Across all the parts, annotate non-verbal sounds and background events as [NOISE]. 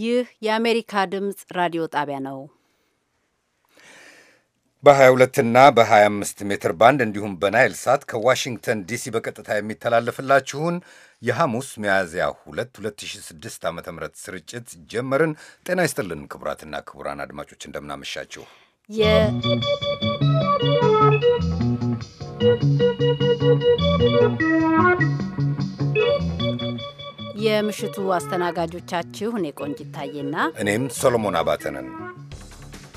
ይህ የአሜሪካ ድምፅ ራዲዮ ጣቢያ ነው። በ22 እና በ25 ሜትር ባንድ እንዲሁም በናይል ሳት ከዋሽንግተን ዲሲ በቀጥታ የሚተላለፍላችሁን የሐሙስ ሚያዝያ 2 2006 ዓ ም ስርጭት ጀመርን። ጤና ይስጥልን ክቡራትና ክቡራን አድማጮች እንደምናመሻችሁ። Thank you. የምሽቱ አስተናጋጆቻችሁ እኔ ቆንጂት ታዬና እኔም ሶሎሞን አባተ ነን።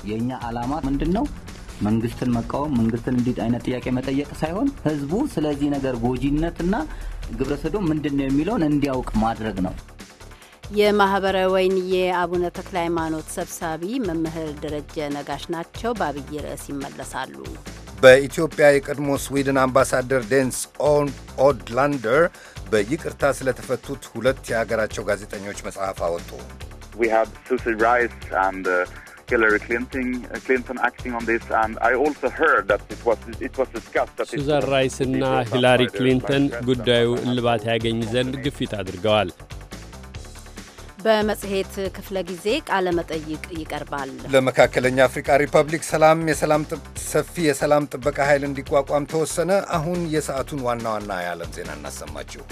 የእኛ ዓላማ ምንድን ነው? መንግስትን መቃወም፣ መንግስትን እንዲህ አይነት ጥያቄ መጠየቅ ሳይሆን ህዝቡ ስለዚህ ነገር ጎጂነትና ግብረሰዶ ምንድን ነው የሚለውን እንዲያውቅ ማድረግ ነው። የማህበረ ወይን የአቡነ ተክለ ሃይማኖት ሰብሳቢ መምህር ደረጀ ነጋሽ ናቸው። በአብይ ርዕስ ይመለሳሉ። በኢትዮጵያ የቀድሞ ስዊድን አምባሳደር ዴንስ ኦድላንደር በይቅርታ ስለተፈቱት ሁለት የሀገራቸው ጋዜጠኞች መጽሐፍ አወጡ። ሱዛን እና ሂላሪ ክሊንተን ጉዳዩ እልባት ያገኝ ዘንድ ግፊት አድርገዋል። በመጽሔት ክፍለ ጊዜ ቃለ መጠይቅ ይቀርባል። ለመካከለኛ አፍሪካ ሪፐብሊክ ሰላም ሰፊ የሰላም ጥበቃ ኃይል እንዲቋቋም ተወሰነ። አሁን የሰዓቱን ዋና ዋና የዓለም ዜና እናሰማችሁ።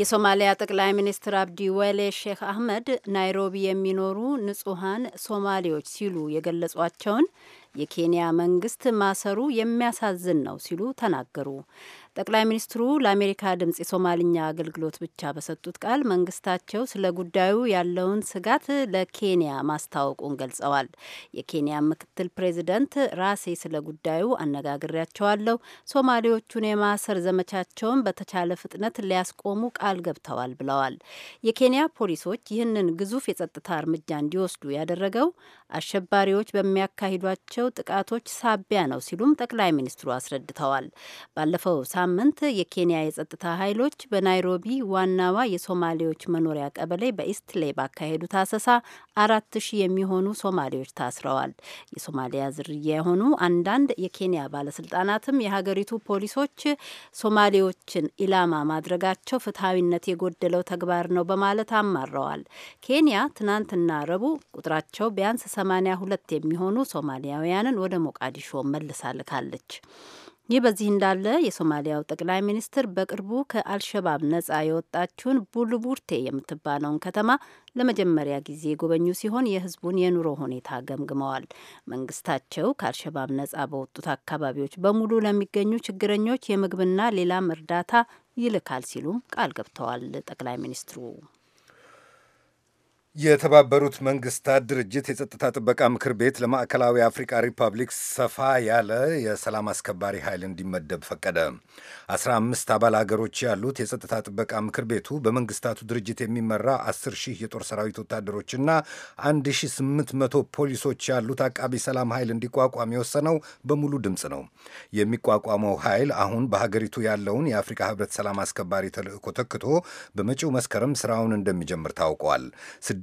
የሶማሊያ ጠቅላይ ሚኒስትር አብዲ ወሌ ሼክ አህመድ ናይሮቢ የሚኖሩ ንጹሐን ሶማሌዎች ሲሉ የገለጿቸውን የኬንያ መንግስት ማሰሩ የሚያሳዝን ነው ሲሉ ተናገሩ። ጠቅላይ ሚኒስትሩ ለአሜሪካ ድምጽ የሶማልኛ አገልግሎት ብቻ በሰጡት ቃል መንግስታቸው ስለ ጉዳዩ ያለውን ስጋት ለኬንያ ማስታወቁን ገልጸዋል። የኬንያ ምክትል ፕሬዚደንት ራሴ ስለ ጉዳዩ አነጋግሬያቸዋለሁ፣ ሶማሌዎቹን የማሰር ዘመቻቸውን በተቻለ ፍጥነት ሊያስቆሙ ቃል ገብተዋል ብለዋል። የኬንያ ፖሊሶች ይህንን ግዙፍ የጸጥታ እርምጃ እንዲወስዱ ያደረገው አሸባሪዎች በሚያካሂዷቸው ጥቃቶች ሳቢያ ነው ሲሉም ጠቅላይ ሚኒስትሩ አስረድተዋል። ባለፈው ሳምንት የኬንያ የጸጥታ ኃይሎች በናይሮቢ ዋናዋ የሶማሌዎች መኖሪያ ቀበሌ በኢስትሌ ባካሄዱት አሰሳ አራት ሺህ የሚሆኑ ሶማሌዎች ታስረዋል። የሶማሊያ ዝርያ የሆኑ አንዳንድ የኬንያ ባለስልጣናትም የሀገሪቱ ፖሊሶች ሶማሌዎችን ኢላማ ማድረጋቸው ፍትሐዊነት የጎደለው ተግባር ነው በማለት አማረዋል። ኬንያ ትናንትና ረቡዕ ቁጥራቸው ቢያንስ ሰማንያ ሁለት የሚሆኑ ሶማሊያውያንን ወደ ሞቃዲሾ መልሳልካለች። ይህ በዚህ እንዳለ የሶማሊያው ጠቅላይ ሚኒስትር በቅርቡ ከአልሸባብ ነጻ የወጣችውን ቡልቡርቴ የምትባለውን ከተማ ለመጀመሪያ ጊዜ የጎበኙ ሲሆን የሕዝቡን የኑሮ ሁኔታ ገምግመዋል። መንግስታቸው ከአልሸባብ ነጻ በወጡት አካባቢዎች በሙሉ ለሚገኙ ችግረኞች የምግብና ሌላም እርዳታ ይልካል ሲሉም ቃል ገብተዋል ጠቅላይ ሚኒስትሩ። የተባበሩት መንግስታት ድርጅት የጸጥታ ጥበቃ ምክር ቤት ለማዕከላዊ አፍሪካ ሪፐብሊክ ሰፋ ያለ የሰላም አስከባሪ ኃይል እንዲመደብ ፈቀደ። አስራ አምስት አባል አገሮች ያሉት የጸጥታ ጥበቃ ምክር ቤቱ በመንግስታቱ ድርጅት የሚመራ አስር ሺህ የጦር ሰራዊት ወታደሮችና አንድ ሺ ስምንት መቶ ፖሊሶች ያሉት አቃቢ ሰላም ኃይል እንዲቋቋም የወሰነው በሙሉ ድምፅ ነው። የሚቋቋመው ኃይል አሁን በሀገሪቱ ያለውን የአፍሪካ ህብረት ሰላም አስከባሪ ተልእኮ ተክቶ በመጪው መስከረም ስራውን እንደሚጀምር ታውቋል።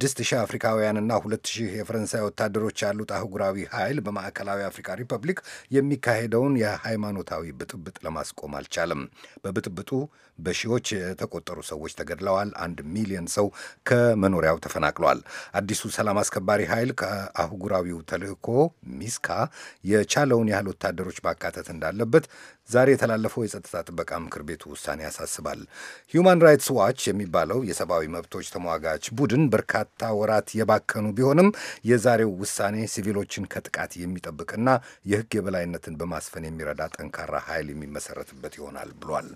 6000 አፍሪካውያንና ሺህ የፈረንሳይ ወታደሮች ያሉት አህጉራዊ ኃይል በማዕከላዊ አፍሪካ ሪፐብሊክ የሚካሄደውን የሃይማኖታዊ ብጥብጥ ለማስቆም አልቻለም። በብጥብጡ በሺዎች የተቆጠሩ ሰዎች ተገድለዋል። አንድ ሚሊዮን ሰው ከመኖሪያው ተፈናቅሏል። አዲሱ ሰላም አስከባሪ ኃይል ከአህጉራዊው ተልእኮ ሚስካ የቻለውን ያህል ወታደሮች ማካተት እንዳለበት ዛሬ የተላለፈው የጸጥታ ጥበቃ ምክር ቤቱ ውሳኔ ያሳስባል። ሂዩማን ራይትስ ዋች የሚባለው የሰብአዊ መብቶች ተሟጋች ቡድን በርካታ በርካታ ወራት የባከኑ ቢሆንም የዛሬው ውሳኔ ሲቪሎችን ከጥቃት የሚጠብቅና የሕግ የበላይነትን በማስፈን የሚረዳ ጠንካራ ኃይል የሚመሰረትበት ይሆናል ብሏል።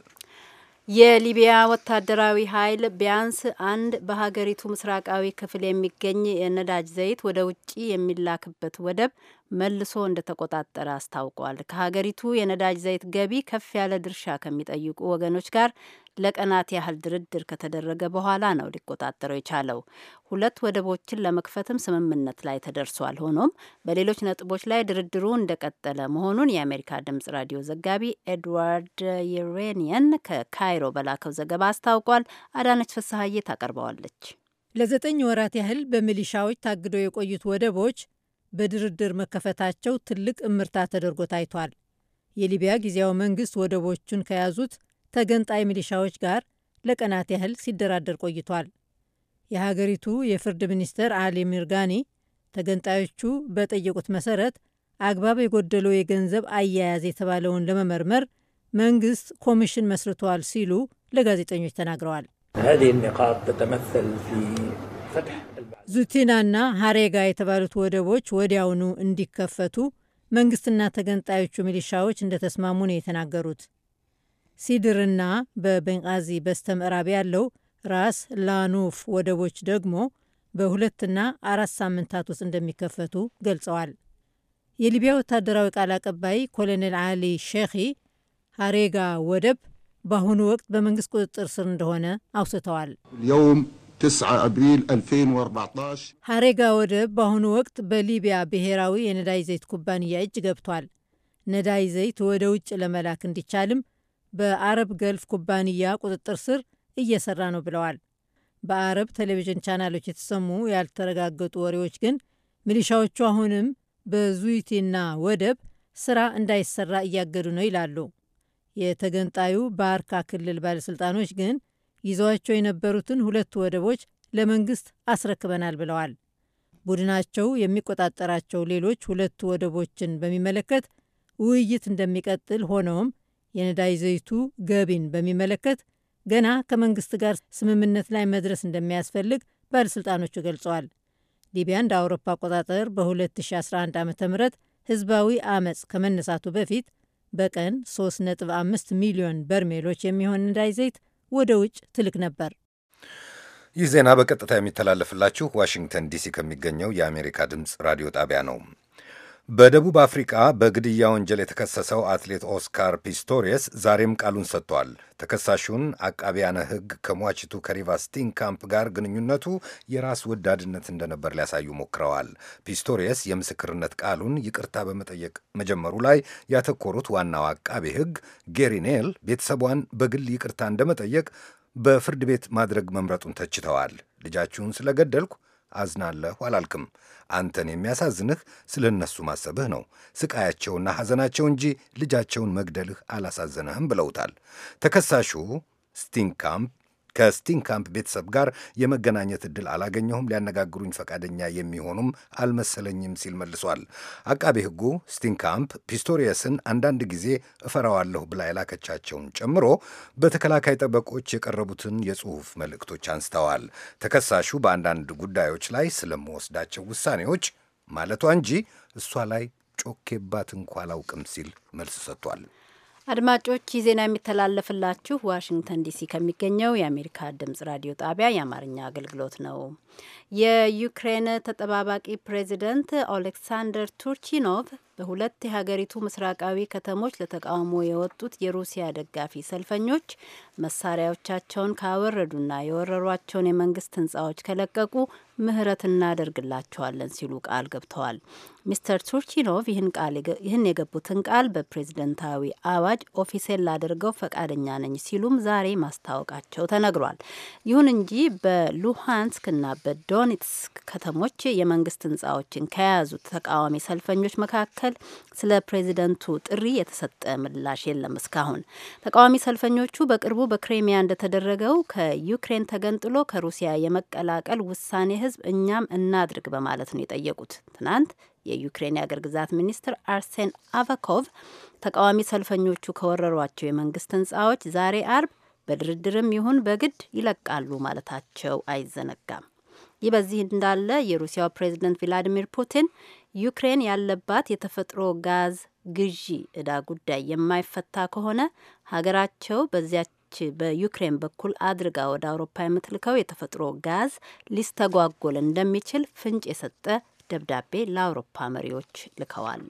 የሊቢያ ወታደራዊ ኃይል ቢያንስ አንድ በሀገሪቱ ምስራቃዊ ክፍል የሚገኝ የነዳጅ ዘይት ወደ ውጭ የሚላክበት ወደብ መልሶ እንደተቆጣጠረ አስታውቋል። ከሀገሪቱ የነዳጅ ዘይት ገቢ ከፍ ያለ ድርሻ ከሚጠይቁ ወገኖች ጋር ለቀናት ያህል ድርድር ከተደረገ በኋላ ነው ሊቆጣጠረው የቻለው። ሁለት ወደቦችን ለመክፈትም ስምምነት ላይ ተደርሷል። ሆኖም በሌሎች ነጥቦች ላይ ድርድሩ እንደቀጠለ መሆኑን የአሜሪካ ድምጽ ራዲዮ ዘጋቢ ኤድዋርድ ዩሬኒየን ከካይሮ በላከው ዘገባ አስታውቋል። አዳነች ፍስሀዬ ታቀርበዋለች። ለዘጠኝ ወራት ያህል በሚሊሻዎች ታግደው የቆዩት ወደቦች በድርድር መከፈታቸው ትልቅ እምርታ ተደርጎ ታይቷል። የሊቢያ ጊዜያዊ መንግስት ወደቦቹን ከያዙት ተገንጣይ ሚሊሻዎች ጋር ለቀናት ያህል ሲደራደር ቆይቷል። የሀገሪቱ የፍርድ ሚኒስትር አሊ ሚርጋኒ ተገንጣዮቹ በጠየቁት መሰረት አግባብ የጎደለው የገንዘብ አያያዝ የተባለውን ለመመርመር መንግስት ኮሚሽን መስርተዋል ሲሉ ለጋዜጠኞች ተናግረዋል። ዙቲናና ሃሬጋ የተባሉት ወደቦች ወዲያውኑ እንዲከፈቱ መንግስትና ተገንጣዮቹ ሚሊሻዎች እንደተስማሙ ነው የተናገሩት። ሲድርና በቤንቃዚ በስተ ምዕራብ ያለው ራስ ላኑፍ ወደቦች ደግሞ በሁለትና አራት ሳምንታት ውስጥ እንደሚከፈቱ ገልጸዋል። የሊቢያ ወታደራዊ ቃል አቀባይ ኮሎኔል አሊ ሼኺ ሃሬጋ ወደብ በአሁኑ ወቅት በመንግስት ቁጥጥር ስር እንደሆነ አውስተዋል። 9 ابريل 2014 ወደብ በአሁኑ ወቅት በሊቢያ ብሔራዊ የነዳይ ዘይት ኩባንያ እጅ ገብቷል። ነዳይ ዘይት ወደ ውጭ ለመላክ እንዲቻልም በአረብ ገልፍ ኩባንያ ቁጥጥር ስር እየሰራ ነው ብለዋል። በአረብ ቴሌቪዥን ቻናሎች የተሰሙ ያልተረጋገጡ ወሬዎች ግን ሚሊሻዎቹ አሁንም በዙይቲና ወደብ ስራ እንዳይሰራ እያገዱ ነው ይላሉ። የተገንጣዩ ባርካ ክልል ባለሥልጣኖች ግን ይዘዋቸው የነበሩትን ሁለቱ ወደቦች ለመንግስት አስረክበናል ብለዋል። ቡድናቸው የሚቆጣጠራቸው ሌሎች ሁለቱ ወደቦችን በሚመለከት ውይይት እንደሚቀጥል፣ ሆነውም የነዳጅ ዘይቱ ገቢን በሚመለከት ገና ከመንግስት ጋር ስምምነት ላይ መድረስ እንደሚያስፈልግ ባለሥልጣኖቹ ገልጸዋል። ሊቢያ እንደ አውሮፓ አቆጣጠር በ2011 ዓ ም ህዝባዊ አመፅ ከመነሳቱ በፊት በቀን 3.5 ሚሊዮን በርሜሎች የሚሆን ነዳጅ ዘይት ወደ ውጭ ትልክ ነበር። ይህ ዜና በቀጥታ የሚተላለፍላችሁ ዋሽንግተን ዲሲ ከሚገኘው የአሜሪካ ድምፅ ራዲዮ ጣቢያ ነው። በደቡብ አፍሪቃ በግድያ ወንጀል የተከሰሰው አትሌት ኦስካር ፒስቶሪየስ ዛሬም ቃሉን ሰጥቷል። ተከሳሹን አቃቢያነ ሕግ ከሟችቱ ከሪቫ ስቲንካምፕ ጋር ግንኙነቱ የራስ ወዳድነት እንደነበር ሊያሳዩ ሞክረዋል። ፒስቶሪየስ የምስክርነት ቃሉን ይቅርታ በመጠየቅ መጀመሩ ላይ ያተኮሩት ዋናው አቃቤ ሕግ ጌሪ ኔል ቤተሰቧን በግል ይቅርታ እንደመጠየቅ በፍርድ ቤት ማድረግ መምረጡን ተችተዋል። ልጃችሁን ስለገደልኩ አዝናለሁ አላልክም አንተን የሚያሳዝንህ ስለ እነሱ ማሰብህ ነው። ስቃያቸውና ሐዘናቸው እንጂ ልጃቸውን መግደልህ አላሳዘነህም ብለውታል። ተከሳሹ ስቲንካምፕ ከስቲንካምፕ ቤተሰብ ጋር የመገናኘት እድል አላገኘሁም፣ ሊያነጋግሩኝ ፈቃደኛ የሚሆኑም አልመሰለኝም ሲል መልሷል። አቃቤ ሕጉ ስቲንካምፕ ፒስቶሪየስን አንዳንድ ጊዜ እፈራዋለሁ ብላ የላከቻቸውን ጨምሮ በተከላካይ ጠበቆች የቀረቡትን የጽሑፍ መልእክቶች አንስተዋል። ተከሳሹ በአንዳንድ ጉዳዮች ላይ ስለምወስዳቸው ውሳኔዎች ማለቷ እንጂ እሷ ላይ ጮኬባት እንኳ አላውቅም ሲል መልስ ሰጥቷል። አድማጮች ይህ ዜና የሚተላለፍላችሁ ዋሽንግተን ዲሲ ከሚገኘው የአሜሪካ ድምጽ ራዲዮ ጣቢያ የአማርኛ አገልግሎት ነው። የዩክሬን ተጠባባቂ ፕሬዚደንት ኦሌክሳንደር ቱርቺኖቭ በሁለት የሀገሪቱ ምስራቃዊ ከተሞች ለተቃውሞ የወጡት የሩሲያ ደጋፊ ሰልፈኞች መሳሪያዎቻቸውን ካወረዱና የወረሯቸውን የመንግስት ህንጻዎች ከለቀቁ ምህረት እናደርግላቸዋለን ሲሉ ቃል ገብተዋል። ሚስተር ቱርቺኖቭ ይህን የገቡትን ቃል በፕሬዝደንታዊ አዋጅ ኦፊሴል ላደርገው ፈቃደኛ ነኝ ሲሉም ዛሬ ማስታወቃቸው ተነግሯል። ይሁን እንጂ በሉሃንስክና በዶኔትስክ ከተሞች የመንግስት ህንጻዎችን ከያዙት ተቃዋሚ ሰልፈኞች መካከል መካከል ስለ ፕሬዚደንቱ ጥሪ የተሰጠ ምላሽ የለም እስካሁን። ተቃዋሚ ሰልፈኞቹ በቅርቡ በክሬሚያ እንደተደረገው ከዩክሬን ተገንጥሎ ከሩሲያ የመቀላቀል ውሳኔ ህዝብ እኛም እናድርግ በማለት ነው የጠየቁት። ትናንት የዩክሬን የአገር ግዛት ሚኒስትር አርሴን አቫኮቭ ተቃዋሚ ሰልፈኞቹ ከወረሯቸው የመንግስት ህንፃዎች ዛሬ አርብ በድርድርም ይሁን በግድ ይለቃሉ ማለታቸው አይዘነጋም። ይህ በዚህ እንዳለ የሩሲያው ፕሬዝደንት ቪላዲሚር ፑቲን ዩክሬን ያለባት የተፈጥሮ ጋዝ ግዢ እዳ ጉዳይ የማይፈታ ከሆነ ሀገራቸው በዚያች በዩክሬን በኩል አድርጋ ወደ አውሮፓ የምትልከው የተፈጥሮ ጋዝ ሊስተጓጎል እንደሚችል ፍንጭ የሰጠ ደብዳቤ ለአውሮፓ መሪዎች ልከዋል።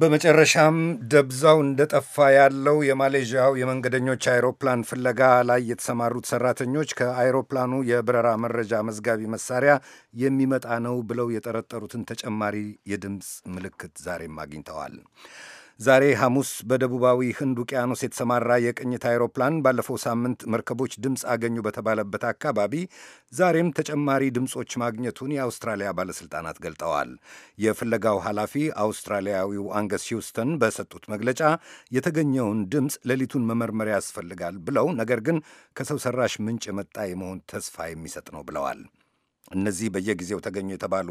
በመጨረሻም ደብዛው እንደጠፋ ያለው የማሌዥያው የመንገደኞች አይሮፕላን ፍለጋ ላይ የተሰማሩት ሰራተኞች ከአይሮፕላኑ የበረራ መረጃ መዝጋቢ መሳሪያ የሚመጣ ነው ብለው የጠረጠሩትን ተጨማሪ የድምፅ ምልክት ዛሬም አግኝተዋል። ዛሬ ሐሙስ በደቡባዊ ህንድ ውቅያኖስ የተሰማራ የቅኝት አይሮፕላን ባለፈው ሳምንት መርከቦች ድምፅ አገኙ በተባለበት አካባቢ ዛሬም ተጨማሪ ድምፆች ማግኘቱን የአውስትራሊያ ባለሥልጣናት ገልጠዋል። የፍለጋው ኃላፊ አውስትራሊያዊው አንገስ ሂውስተን በሰጡት መግለጫ የተገኘውን ድምፅ ሌሊቱን መመርመር ያስፈልጋል ብለው፣ ነገር ግን ከሰው ሰራሽ ምንጭ የመጣ የመሆን ተስፋ የሚሰጥ ነው ብለዋል። እነዚህ በየጊዜው ተገኙ የተባሉ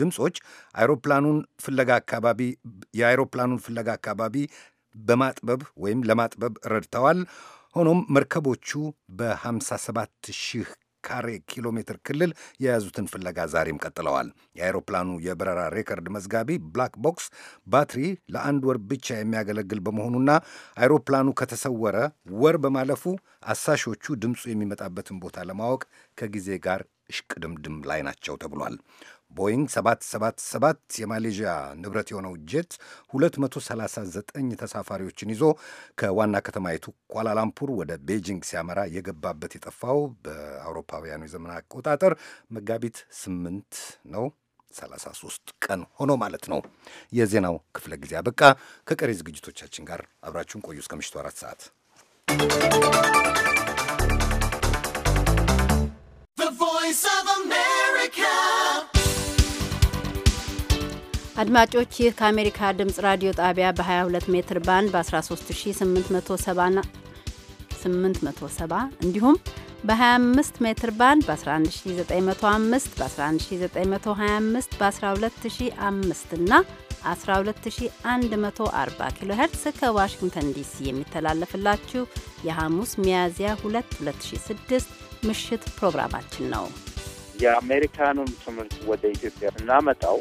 ድምፆች አይሮፕላኑን ፍለጋ አካባቢ የአይሮፕላኑን ፍለጋ አካባቢ በማጥበብ ወይም ለማጥበብ ረድተዋል። ሆኖም መርከቦቹ በ57 ሺህ ካሬ ኪሎ ሜትር ክልል የያዙትን ፍለጋ ዛሬም ቀጥለዋል። የአይሮፕላኑ የበረራ ሬከርድ መዝጋቢ ብላክ ቦክስ ባትሪ ለአንድ ወር ብቻ የሚያገለግል በመሆኑና አይሮፕላኑ ከተሰወረ ወር በማለፉ አሳሾቹ ድምፁ የሚመጣበትን ቦታ ለማወቅ ከጊዜ ጋር እሽቅድምድም ላይ ናቸው ተብሏል። ቦይንግ 777 የማሌዥያ ንብረት የሆነው ጄት 239 ተሳፋሪዎችን ይዞ ከዋና ከተማይቱ ኳላላምፑር ወደ ቤጂንግ ሲያመራ የገባበት የጠፋው በአውሮፓውያኑ የዘመን አቆጣጠር መጋቢት 8 ነው 33 ቀን ሆኖ ማለት ነው። የዜናው ክፍለ ጊዜ አበቃ። ከቀሪ ዝግጅቶቻችን ጋር አብራችሁን ቆዩ። እስከ ምሽቱ አራት ሰዓት አድማጮች ይህ ከአሜሪካ ድምፅ ራዲዮ ጣቢያ በ22 ሜትር ባንድ በ13870 እንዲሁም በ25 ሜትር ባንድ በ11905 በ11925 በ12005 እና 12140 ኪሎ ሄርትስ ከዋሽንግተን ዲሲ የሚተላለፍላችሁ የሐሙስ ሚያዝያ 2 2006 ምሽት ፕሮግራማችን ነው። የአሜሪካኑን ትምህርት ወደ ኢትዮጵያ ስናመጣው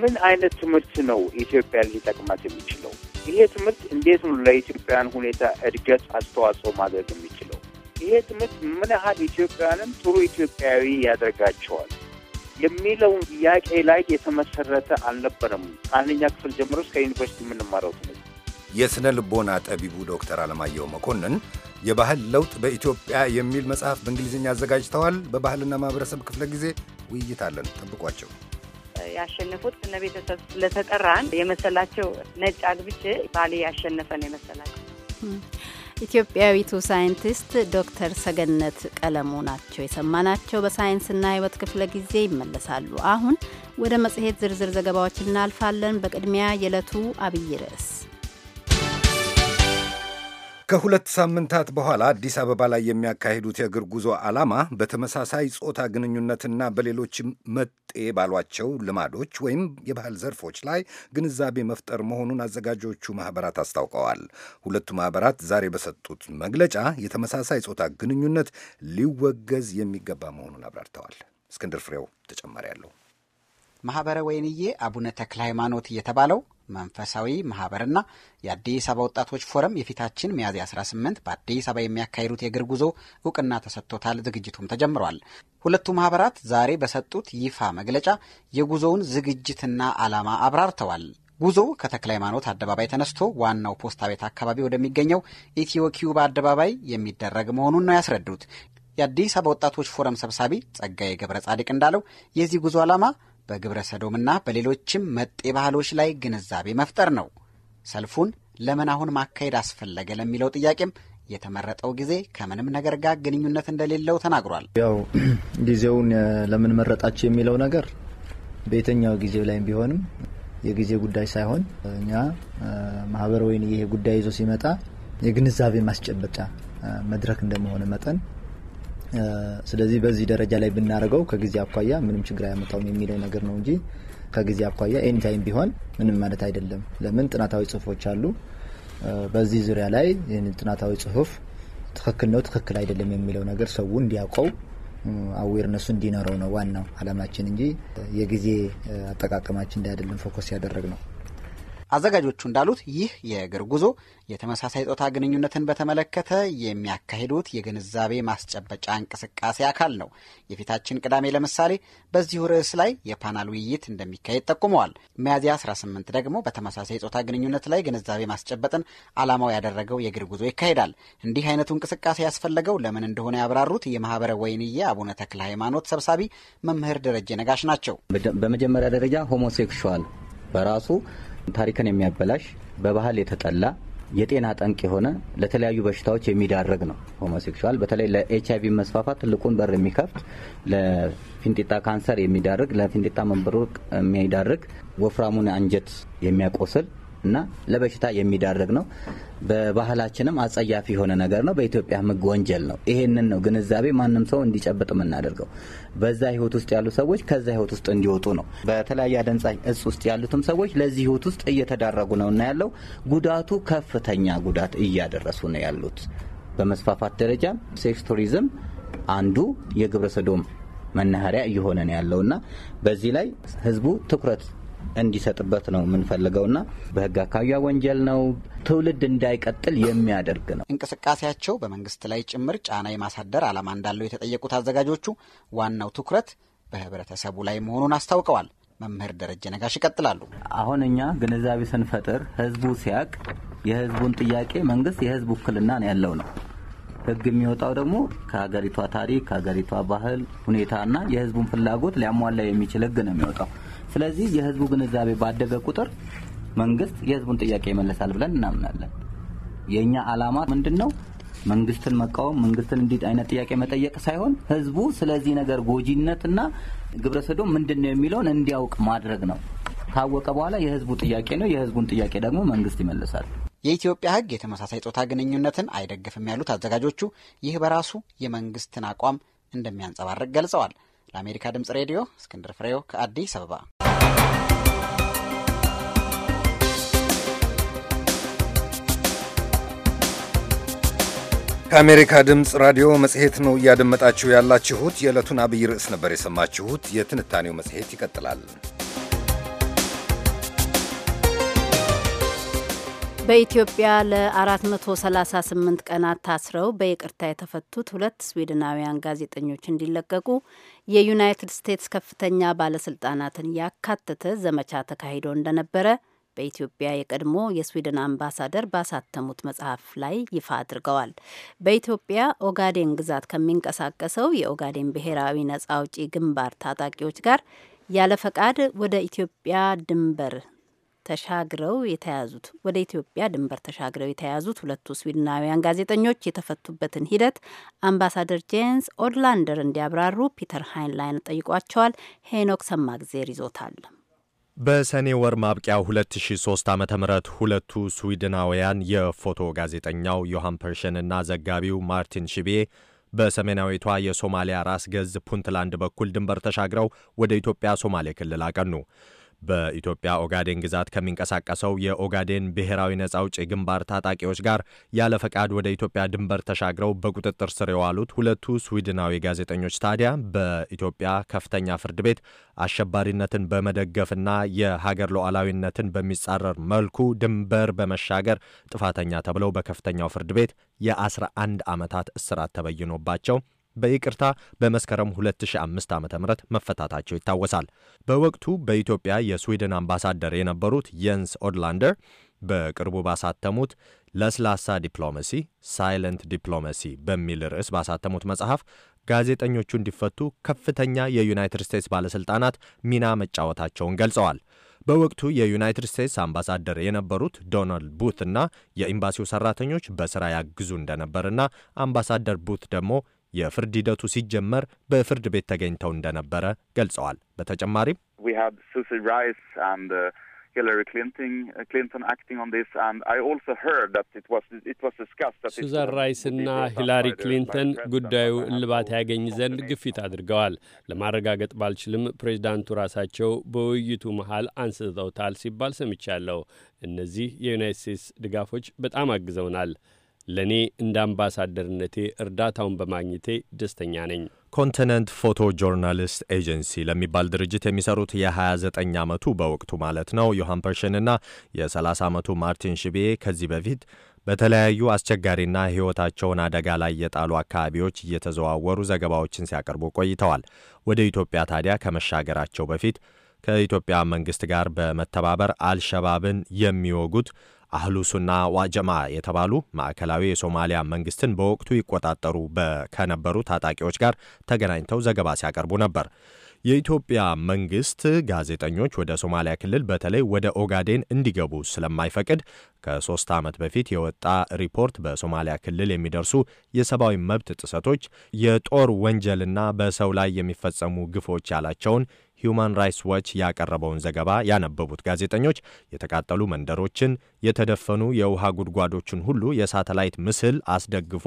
ምን አይነት ትምህርት ነው ኢትዮጵያ ሊጠቅማት የሚችለው? ይሄ ትምህርት እንዴት ነው ለኢትዮጵያን ሁኔታ እድገት አስተዋጽኦ ማድረግ የሚችለው? ይሄ ትምህርት ምን ያህል ኢትዮጵያንም ጥሩ ኢትዮጵያዊ ያደርጋቸዋል የሚለውን ጥያቄ ላይ የተመሰረተ አልነበረም። አንደኛ ክፍል ጀምሮ እስከ ዩኒቨርሲቲ የምንማረው ትምህርት። የሥነ ልቦና ጠቢቡ ዶክተር አለማየሁ መኮንን የባህል ለውጥ በኢትዮጵያ የሚል መጽሐፍ በእንግሊዝኛ አዘጋጅተዋል። በባህልና ማኅበረሰብ ክፍለ ጊዜ ውይይት አለን። ጠብቋቸው። ያሸነፉት እነ ቤተሰብ ስለተጠራን የመሰላቸው ነጭ አግብቼ ባሌ ያሸነፈ ነው የመሰላቸው። ኢትዮጵያዊቱ ሳይንቲስት ዶክተር ሰገነት ቀለሙ ናቸው የሰማናቸው። በሳይንስና ሕይወት ክፍለ ጊዜ ይመለሳሉ። አሁን ወደ መጽሔት ዝርዝር ዘገባዎች እናልፋለን። በቅድሚያ የዕለቱ አብይ ርዕስ ከሁለት ሳምንታት በኋላ አዲስ አበባ ላይ የሚያካሂዱት የእግር ጉዞ ዓላማ በተመሳሳይ ጾታ ግንኙነትና በሌሎች መጤ ባሏቸው ልማዶች ወይም የባህል ዘርፎች ላይ ግንዛቤ መፍጠር መሆኑን አዘጋጆቹ ማኅበራት አስታውቀዋል። ሁለቱ ማኅበራት ዛሬ በሰጡት መግለጫ የተመሳሳይ ጾታ ግንኙነት ሊወገዝ የሚገባ መሆኑን አብራርተዋል። እስክንድር ፍሬው ተጨማሪ አለው። ማህበረ ወይንዬ አቡነ ተክለ ሃይማኖት እየተባለው መንፈሳዊ ማህበርና የአዲስ አበባ ወጣቶች ፎረም የፊታችን ሚያዝያ 18 በአዲስ አበባ የሚያካሂዱት የእግር ጉዞ እውቅና ተሰጥቶታል። ዝግጅቱም ተጀምሯል። ሁለቱ ማህበራት ዛሬ በሰጡት ይፋ መግለጫ የጉዞውን ዝግጅትና ዓላማ አብራርተዋል። ጉዞ ከተክለ ሃይማኖት አደባባይ ተነስቶ ዋናው ፖስታ ቤት አካባቢ ወደሚገኘው ኢትዮ ኪዩባ አደባባይ የሚደረግ መሆኑን ነው ያስረዱት። የአዲስ አበባ ወጣቶች ፎረም ሰብሳቢ ጸጋዬ ገብረ ጻድቅ እንዳለው የዚህ ጉዞ ዓላማ በግብረ ሰዶምና በሌሎችም መጤ ባህሎች ላይ ግንዛቤ መፍጠር ነው። ሰልፉን ለምን አሁን ማካሄድ አስፈለገ ለሚለው ጥያቄም የተመረጠው ጊዜ ከምንም ነገር ጋር ግንኙነት እንደሌለው ተናግሯል። ያው [CLEARS THROAT] ጊዜውን ለምን መረጣቸው የሚለው ነገር በየትኛው ጊዜ ላይም ቢሆንም የጊዜ ጉዳይ ሳይሆን እኛ ማህበር ወይን ይሄ ጉዳይ ይዞ ሲመጣ የግንዛቤ ማስጨበጫ መድረክ እንደመሆነ መጠን ስለዚህ በዚህ ደረጃ ላይ ብናደርገው ከጊዜ አኳያ ምንም ችግር አያመጣውም የሚለው ነገር ነው እንጂ ከጊዜ አኳያ ኤኒታይም ቢሆን ምንም ማለት አይደለም። ለምን ጥናታዊ ጽሁፎች አሉ። በዚህ ዙሪያ ላይ ጥናታዊ ጽሁፍ ትክክል ነው፣ ትክክል አይደለም የሚለው ነገር ሰው እንዲያውቀው አዌርነሱ እንዲኖረው ነው ዋናው አላማችን እንጂ የጊዜ አጠቃቀማችን እንዳይደለም ፎከስ ያደረግ ነው። አዘጋጆቹ እንዳሉት ይህ የእግር ጉዞ የተመሳሳይ ጾታ ግንኙነትን በተመለከተ የሚያካሂዱት የግንዛቤ ማስጨበጫ እንቅስቃሴ አካል ነው። የፊታችን ቅዳሜ ለምሳሌ በዚሁ ርዕስ ላይ የፓናል ውይይት እንደሚካሄድ ጠቁመዋል። ሚያዝያ 18 ደግሞ በተመሳሳይ ጾታ ግንኙነት ላይ ግንዛቤ ማስጨበጥን ዓላማው ያደረገው የእግር ጉዞ ይካሄዳል። እንዲህ አይነቱ እንቅስቃሴ ያስፈለገው ለምን እንደሆነ ያብራሩት የማህበረ ወይንዬ አቡነ ተክለ ሃይማኖት ሰብሳቢ መምህር ደረጀ ነጋሽ ናቸው። በመጀመሪያ ደረጃ ሆሞሴክሹዋል በራሱ ታሪክን የሚያበላሽ በባህል የተጠላ የጤና ጠንቅ የሆነ ለተለያዩ በሽታዎች የሚዳረግ ነው። ሆሞሴክሹዋል በተለይ ለኤች አይቪ መስፋፋት ትልቁን በር የሚከፍት ለፊንጢጣ ካንሰር የሚዳርግ ለፊንጢጣ መንበሩቅ የሚዳርግ ወፍራሙን አንጀት የሚያቆስል እና ለበሽታ የሚዳርግ ነው። በባህላችንም አጸያፊ የሆነ ነገር ነው። በኢትዮጵያ ሕግ ወንጀል ነው። ይሄንን ነው ግንዛቤ ማንም ሰው እንዲጨብጥ የምናደርገው። በዛ ህይወት ውስጥ ያሉ ሰዎች ከዛ ህይወት ውስጥ እንዲወጡ ነው። በተለያየ አደንዛዥ እጽ ውስጥ ያሉትም ሰዎች ለዚህ ህይወት ውስጥ እየተዳረጉ ነው እና ያለው ጉዳቱ ከፍተኛ ጉዳት እያደረሱ ነው ያሉት። በመስፋፋት ደረጃ ሴክስ ቱሪዝም አንዱ የግብረ ሰዶም መናኸሪያ እየሆነ ነው ያለውና በዚህ ላይ ህዝቡ ትኩረት እንዲሰጥበት ነው የምንፈልገውና በህግ አካባቢ ወንጀል ነው ትውልድ እንዳይቀጥል የሚያደርግ ነው። እንቅስቃሴያቸው በመንግስት ላይ ጭምር ጫና የማሳደር ዓላማ እንዳለው የተጠየቁት አዘጋጆቹ ዋናው ትኩረት በህብረተሰቡ ላይ መሆኑን አስታውቀዋል። መምህር ደረጀ ነጋሽ ይቀጥላሉ። አሁን እኛ ግንዛቤ ስንፈጥር ህዝቡ ሲያቅ የህዝቡን ጥያቄ መንግስት የህዝብ ውክልና ነው ያለው ነው ህግ የሚወጣው ደግሞ ከሀገሪቷ ታሪክ ከሀገሪቷ ባህል ሁኔታና የህዝቡን ፍላጎት ሊያሟላ የሚችል ህግ ነው የሚወጣው። ስለዚህ የህዝቡ ግንዛቤ ባደገ ቁጥር መንግስት የህዝቡን ጥያቄ ይመለሳል ብለን እናምናለን። የእኛ አላማ ምንድን ነው? መንግስትን መቃወም፣ መንግስትን እንዲህ አይነት ጥያቄ መጠየቅ ሳይሆን ህዝቡ ስለዚህ ነገር ጎጂነትና ግብረ ምንድን ነው የሚለውን እንዲያውቅ ማድረግ ነው። ካወቀ በኋላ የህዝቡ ጥያቄ ነው። የህዝቡን ጥያቄ ደግሞ መንግስት ይመለሳል። የኢትዮጵያ ህግ የተመሳሳይ ጾታ ግንኙነትን አይደግፍም ያሉት አዘጋጆቹ ይህ በራሱ የመንግስትን አቋም እንደሚያንጸባርቅ ገልጸዋል። ለአሜሪካ ድምጽ ሬዲዮ እስክንድር ፍሬው ከአዲስ አበባ ከአሜሪካ ድምፅ ራዲዮ መጽሔት ነው እያደመጣችሁ ያላችሁት። የዕለቱን አብይ ርዕስ ነበር የሰማችሁት። የትንታኔው መጽሔት ይቀጥላል። በኢትዮጵያ ለ438 ቀናት ታስረው በይቅርታ የተፈቱት ሁለት ስዊድናውያን ጋዜጠኞች እንዲለቀቁ የዩናይትድ ስቴትስ ከፍተኛ ባለስልጣናትን ያካተተ ዘመቻ ተካሂዶ እንደነበረ በኢትዮጵያ የቀድሞ የስዊድን አምባሳደር ባሳተሙት መጽሐፍ ላይ ይፋ አድርገዋል። በኢትዮጵያ ኦጋዴን ግዛት ከሚንቀሳቀሰው የኦጋዴን ብሔራዊ ነጻ አውጪ ግንባር ታጣቂዎች ጋር ያለ ፈቃድ ወደ ኢትዮጵያ ድንበር ተሻግረው የተያዙት ወደ ኢትዮጵያ ድንበር ተሻግረው የተያዙት ሁለቱ ስዊድናውያን ጋዜጠኞች የተፈቱበትን ሂደት አምባሳደር ጄንስ ኦድላንደር እንዲያብራሩ ፒተር ሃይንላይን ጠይቋቸዋል። ሄኖክ ሰማግዜር ይዞታል። በሰኔ ወር ማብቂያ 2003 ዓ ም ሁለቱ ስዊድናውያን የፎቶ ጋዜጠኛው ዮሐን ፐርሽንና ዘጋቢው ማርቲን ሽቤ በሰሜናዊቷ የሶማሊያ ራስ ገዝ ፑንትላንድ በኩል ድንበር ተሻግረው ወደ ኢትዮጵያ ሶማሌ ክልል አቀኑ። በኢትዮጵያ ኦጋዴን ግዛት ከሚንቀሳቀሰው የኦጋዴን ብሔራዊ ነጻ አውጪ ግንባር ታጣቂዎች ጋር ያለ ፈቃድ ወደ ኢትዮጵያ ድንበር ተሻግረው በቁጥጥር ስር የዋሉት ሁለቱ ስዊድናዊ ጋዜጠኞች ታዲያ በኢትዮጵያ ከፍተኛ ፍርድ ቤት አሸባሪነትን በመደገፍና የሀገር ሉዓላዊነትን በሚጻረር መልኩ ድንበር በመሻገር ጥፋተኛ ተብለው በከፍተኛው ፍርድ ቤት የ11 ዓመታት እስራት ተበይኖባቸው በይቅርታ በመስከረም 2005 ዓ ም መፈታታቸው ይታወሳል። በወቅቱ በኢትዮጵያ የስዊድን አምባሳደር የነበሩት የንስ ኦድላንደር በቅርቡ ባሳተሙት ለስላሳ ዲፕሎማሲ ሳይለንት ዲፕሎማሲ በሚል ርዕስ ባሳተሙት መጽሐፍ ጋዜጠኞቹ እንዲፈቱ ከፍተኛ የዩናይትድ ስቴትስ ባለሥልጣናት ሚና መጫወታቸውን ገልጸዋል። በወቅቱ የዩናይትድ ስቴትስ አምባሳደር የነበሩት ዶናልድ ቡት እና የኤምባሲው ሠራተኞች በሥራ ያግዙ እንደነበርና አምባሳደር ቡት ደግሞ የፍርድ ሂደቱ ሲጀመር በፍርድ ቤት ተገኝተው እንደነበረ ገልጸዋል። በተጨማሪም ሱዛን ራይስና ሂላሪ ክሊንተን ጉዳዩ እልባት ያገኝ ዘንድ ግፊት አድርገዋል። ለማረጋገጥ ባልችልም ፕሬዚዳንቱ ራሳቸው በውይይቱ መሀል አንስተውታል ሲባል ሰምቻለሁ። እነዚህ የዩናይት ስቴትስ ድጋፎች በጣም አግዘውናል። ለእኔ እንደ አምባሳደርነቴ እርዳታውን በማግኘቴ ደስተኛ ነኝ። ኮንቲነንት ፎቶ ጆርናሊስት ኤጀንሲ ለሚባል ድርጅት የሚሰሩት የ29 ዓመቱ በወቅቱ ማለት ነው ዮሐን ፐርሽንና የ30 ዓመቱ ማርቲን ሽቤ ከዚህ በፊት በተለያዩ አስቸጋሪና ሕይወታቸውን አደጋ ላይ የጣሉ አካባቢዎች እየተዘዋወሩ ዘገባዎችን ሲያቀርቡ ቆይተዋል። ወደ ኢትዮጵያ ታዲያ ከመሻገራቸው በፊት ከኢትዮጵያ መንግሥት ጋር በመተባበር አልሸባብን የሚወጉት አህሉሱና ዋጀማ የተባሉ ማዕከላዊ የሶማሊያ መንግስትን በወቅቱ ይቆጣጠሩ ከነበሩ ታጣቂዎች ጋር ተገናኝተው ዘገባ ሲያቀርቡ ነበር። የኢትዮጵያ መንግስት ጋዜጠኞች ወደ ሶማሊያ ክልል በተለይ ወደ ኦጋዴን እንዲገቡ ስለማይፈቅድ ከሶስት ዓመት በፊት የወጣ ሪፖርት በሶማሊያ ክልል የሚደርሱ የሰብአዊ መብት ጥሰቶች፣ የጦር ወንጀልና በሰው ላይ የሚፈጸሙ ግፎች ያላቸውን ሂውማን ራይትስ ዋች ያቀረበውን ዘገባ ያነበቡት ጋዜጠኞች የተቃጠሉ መንደሮችን የተደፈኑ የውሃ ጉድጓዶችን ሁሉ የሳተላይት ምስል አስደግፎ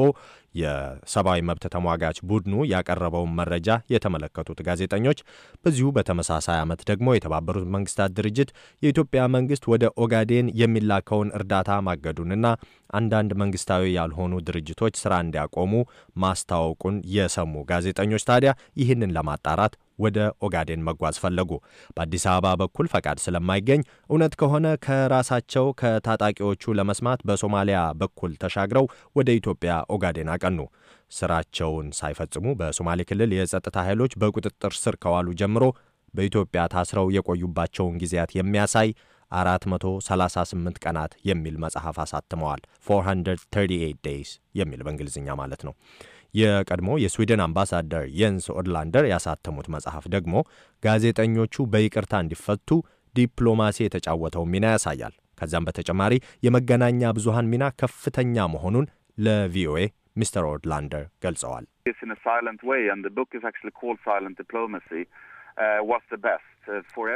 የሰብአዊ መብት ተሟጋች ቡድኑ ያቀረበውን መረጃ የተመለከቱት ጋዜጠኞች በዚሁ በተመሳሳይ ዓመት ደግሞ የተባበሩት መንግስታት ድርጅት የኢትዮጵያ መንግስት ወደ ኦጋዴን የሚላከውን እርዳታ ማገዱንና አንዳንድ መንግስታዊ ያልሆኑ ድርጅቶች ስራ እንዲያቆሙ ማስታወቁን የሰሙ ጋዜጠኞች ታዲያ ይህንን ለማጣራት ወደ ኦጋዴን መጓዝ ፈለጉ። በአዲስ አበባ በኩል ፈቃድ ስለማይገኝ እውነት ከሆነ ከራሳቸው ከ ታጣቂዎቹ ለመስማት በሶማሊያ በኩል ተሻግረው ወደ ኢትዮጵያ ኦጋዴን አቀኑ። ስራቸውን ሳይፈጽሙ በሶማሌ ክልል የጸጥታ ኃይሎች በቁጥጥር ስር ከዋሉ ጀምሮ በኢትዮጵያ ታስረው የቆዩባቸውን ጊዜያት የሚያሳይ 438 ቀናት የሚል መጽሐፍ አሳትመዋል። 438 ዴይስ የሚል በእንግሊዝኛ ማለት ነው። የቀድሞ የስዊድን አምባሳደር የንስ ኦድላንደር ያሳተሙት መጽሐፍ ደግሞ ጋዜጠኞቹ በይቅርታ እንዲፈቱ ዲፕሎማሲ የተጫወተው ሚና ያሳያል። ከዚያም በተጨማሪ የመገናኛ ብዙሃን ሚና ከፍተኛ መሆኑን ለቪኦኤ ሚስተር ኦርድላንደር ገልጸዋል። uh,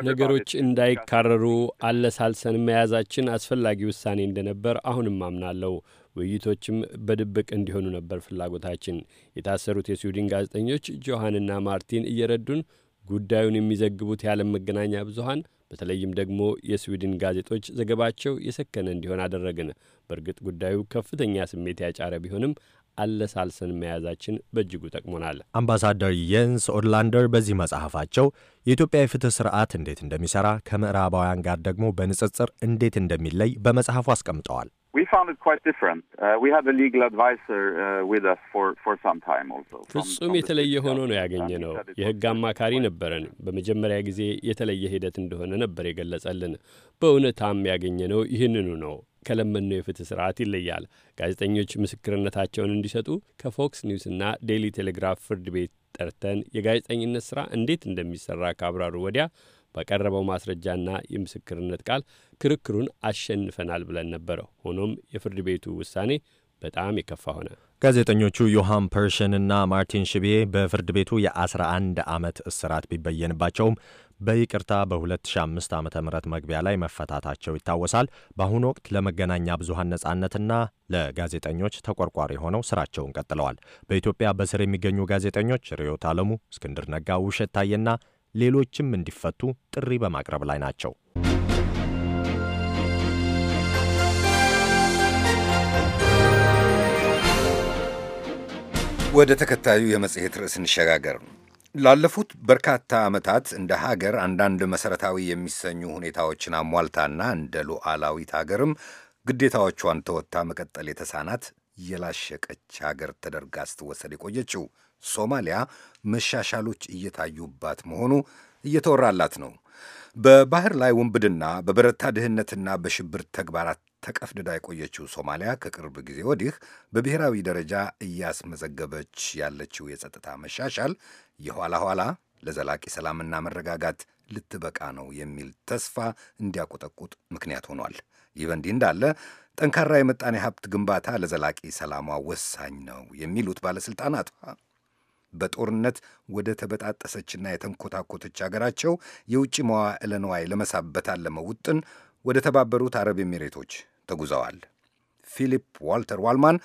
ነገሮች እንዳይካረሩ አለሳልሰን መያዛችን አስፈላጊ ውሳኔ እንደነበር አሁንም አምናለሁ። ውይይቶችም በድብቅ እንዲሆኑ ነበር ፍላጎታችን። የታሰሩት የስዊድን ጋዜጠኞች ጆሐንና ማርቲን እየረዱን ጉዳዩን የሚዘግቡት የዓለም መገናኛ ብዙሀን በተለይም ደግሞ የስዊድን ጋዜጦች ዘገባቸው የሰከነ እንዲሆን አደረግን። በእርግጥ ጉዳዩ ከፍተኛ ስሜት ያጫረ ቢሆንም አለሳልሰን መያዛችን በእጅጉ ጠቅሞናል። አምባሳደር የንስ ኦድላንደር በዚህ መጽሐፋቸው የኢትዮጵያ የፍትህ ስርዓት እንዴት እንደሚሠራ ከምዕራባውያን ጋር ደግሞ በንጽጽር እንዴት እንደሚለይ በመጽሐፉ አስቀምጠዋል። We found it quite different. Uh, we had a legal advisor uh, with us for, for some time also. ፍጹም የተለየ ሆኖ ነው ያገኘ ነው። የህግ አማካሪ ነበረን። በመጀመሪያ ጊዜ የተለየ ሂደት እንደሆነ ነበር የገለጸልን። በእውነታም ያገኘ ነው ይህንኑ ነው። ከለመነው የፍትህ ስርዓት ይለያል። ጋዜጠኞች ምስክርነታቸውን እንዲሰጡ ከፎክስ እና ዴይሊ ቴሌግራፍ ፍርድ ቤት ጠርተን የጋዜጠኝነት ስራ እንዴት እንደሚሰራ ካብራሩ ወዲያ በቀረበው ማስረጃና የምስክርነት ቃል ክርክሩን አሸንፈናል ብለን ነበረ። ሆኖም የፍርድ ቤቱ ውሳኔ በጣም የከፋ ሆነ። ጋዜጠኞቹ ዮሃን ፐርሽን እና ማርቲን ሽቤ በፍርድ ቤቱ የ11 ዓመት እስራት ቢበየንባቸውም በይቅርታ በ2005 ዓ ም መግቢያ ላይ መፈታታቸው ይታወሳል። በአሁኑ ወቅት ለመገናኛ ብዙሀን ነጻነትና ለጋዜጠኞች ተቆርቋሪ ሆነው ስራቸውን ቀጥለዋል። በኢትዮጵያ በስር የሚገኙ ጋዜጠኞች ርዕዮት ዓለሙ፣ እስክንድር ነጋ፣ ውሸት ታዬና ሌሎችም እንዲፈቱ ጥሪ በማቅረብ ላይ ናቸው። ወደ ተከታዩ የመጽሔት ርዕስ እንሸጋገር። ላለፉት በርካታ ዓመታት እንደ ሀገር አንዳንድ መሠረታዊ የሚሰኙ ሁኔታዎችን አሟልታና እንደ ሉዓላዊት ሀገርም ግዴታዎቿን ተወጥታ መቀጠል የተሳናት የላሸቀች ሀገር ተደርጋ ስትወሰድ የቆየችው ሶማሊያ መሻሻሎች እየታዩባት መሆኑ እየተወራላት ነው። በባህር ላይ ውንብድና፣ በበረታ ድህነትና በሽብር ተግባራት ተቀፍድዳ የቆየችው ሶማሊያ ከቅርብ ጊዜ ወዲህ በብሔራዊ ደረጃ እያስመዘገበች ያለችው የጸጥታ መሻሻል የኋላ ኋላ ለዘላቂ ሰላምና መረጋጋት ልትበቃ ነው የሚል ተስፋ እንዲያቆጠቁጥ ምክንያት ሆኗል። ይህ በእንዲህ እንዳለ ጠንካራ የምጣኔ ሀብት ግንባታ ለዘላቂ ሰላሟ ወሳኝ ነው የሚሉት ባለሥልጣናት በጦርነት ወደ ተበጣጠሰችና የተንኮታኮተች አገራቸው የውጭ መዋዕለ ንዋይ ለመሳብ በታለመው ውጥን ወደ ተባበሩት አረብ ኤሚሬቶች ተጉዘዋል። ፊሊፕ ዋልተር ዋልማን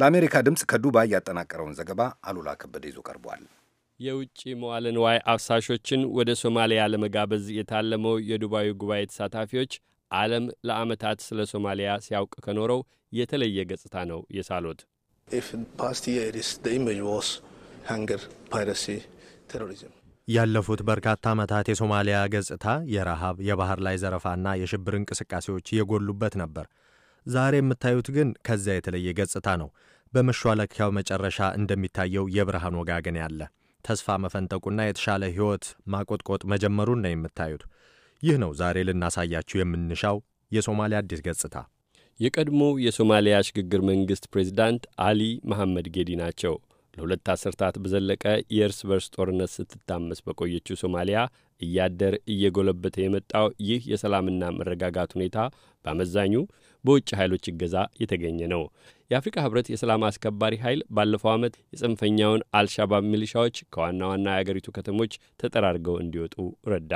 ለአሜሪካ ድምፅ ከዱባይ ያጠናቀረውን ዘገባ አሉላ ከበደ ይዞ ቀርቧል። የውጭ መዋዕለ ንዋይ አፍሳሾችን ወደ ሶማሊያ ለመጋበዝ የታለመው የዱባዩ ጉባኤ ተሳታፊዎች ዓለም ለዓመታት ስለ ሶማሊያ ሲያውቅ ከኖረው የተለየ ገጽታ ነው የሳሎት ሃንገር፣ ፓይረሲ፣ ቴሮሪዝም ያለፉት በርካታ ዓመታት የሶማሊያ ገጽታ የረሃብ፣ የባህር ላይ ዘረፋና የሽብር እንቅስቃሴዎች የጎሉበት ነበር። ዛሬ የምታዩት ግን ከዚያ የተለየ ገጽታ ነው። በመሿለኪያው መጨረሻ እንደሚታየው የብርሃን ወጋገን ያለ ተስፋ መፈንጠቁና የተሻለ ሕይወት ማቆጥቆጥ መጀመሩን ነው የምታዩት። ይህ ነው ዛሬ ልናሳያችሁ የምንሻው የሶማሊያ አዲስ ገጽታ። የቀድሞው የሶማሊያ ሽግግር መንግሥት ፕሬዚዳንት አሊ መሐመድ ጌዲ ናቸው። ለሁለት አስርታት በዘለቀ የእርስ በርስ ጦርነት ስትታመስ በቆየችው ሶማሊያ እያደር እየጎለበተ የመጣው ይህ የሰላምና መረጋጋት ሁኔታ በአመዛኙ በውጭ ኃይሎች እገዛ የተገኘ ነው። የአፍሪካ ህብረት የሰላም አስከባሪ ኃይል ባለፈው ዓመት የጽንፈኛውን አልሻባብ ሚሊሻዎች ከዋና ዋና የአገሪቱ ከተሞች ተጠራርገው እንዲወጡ ረዳ።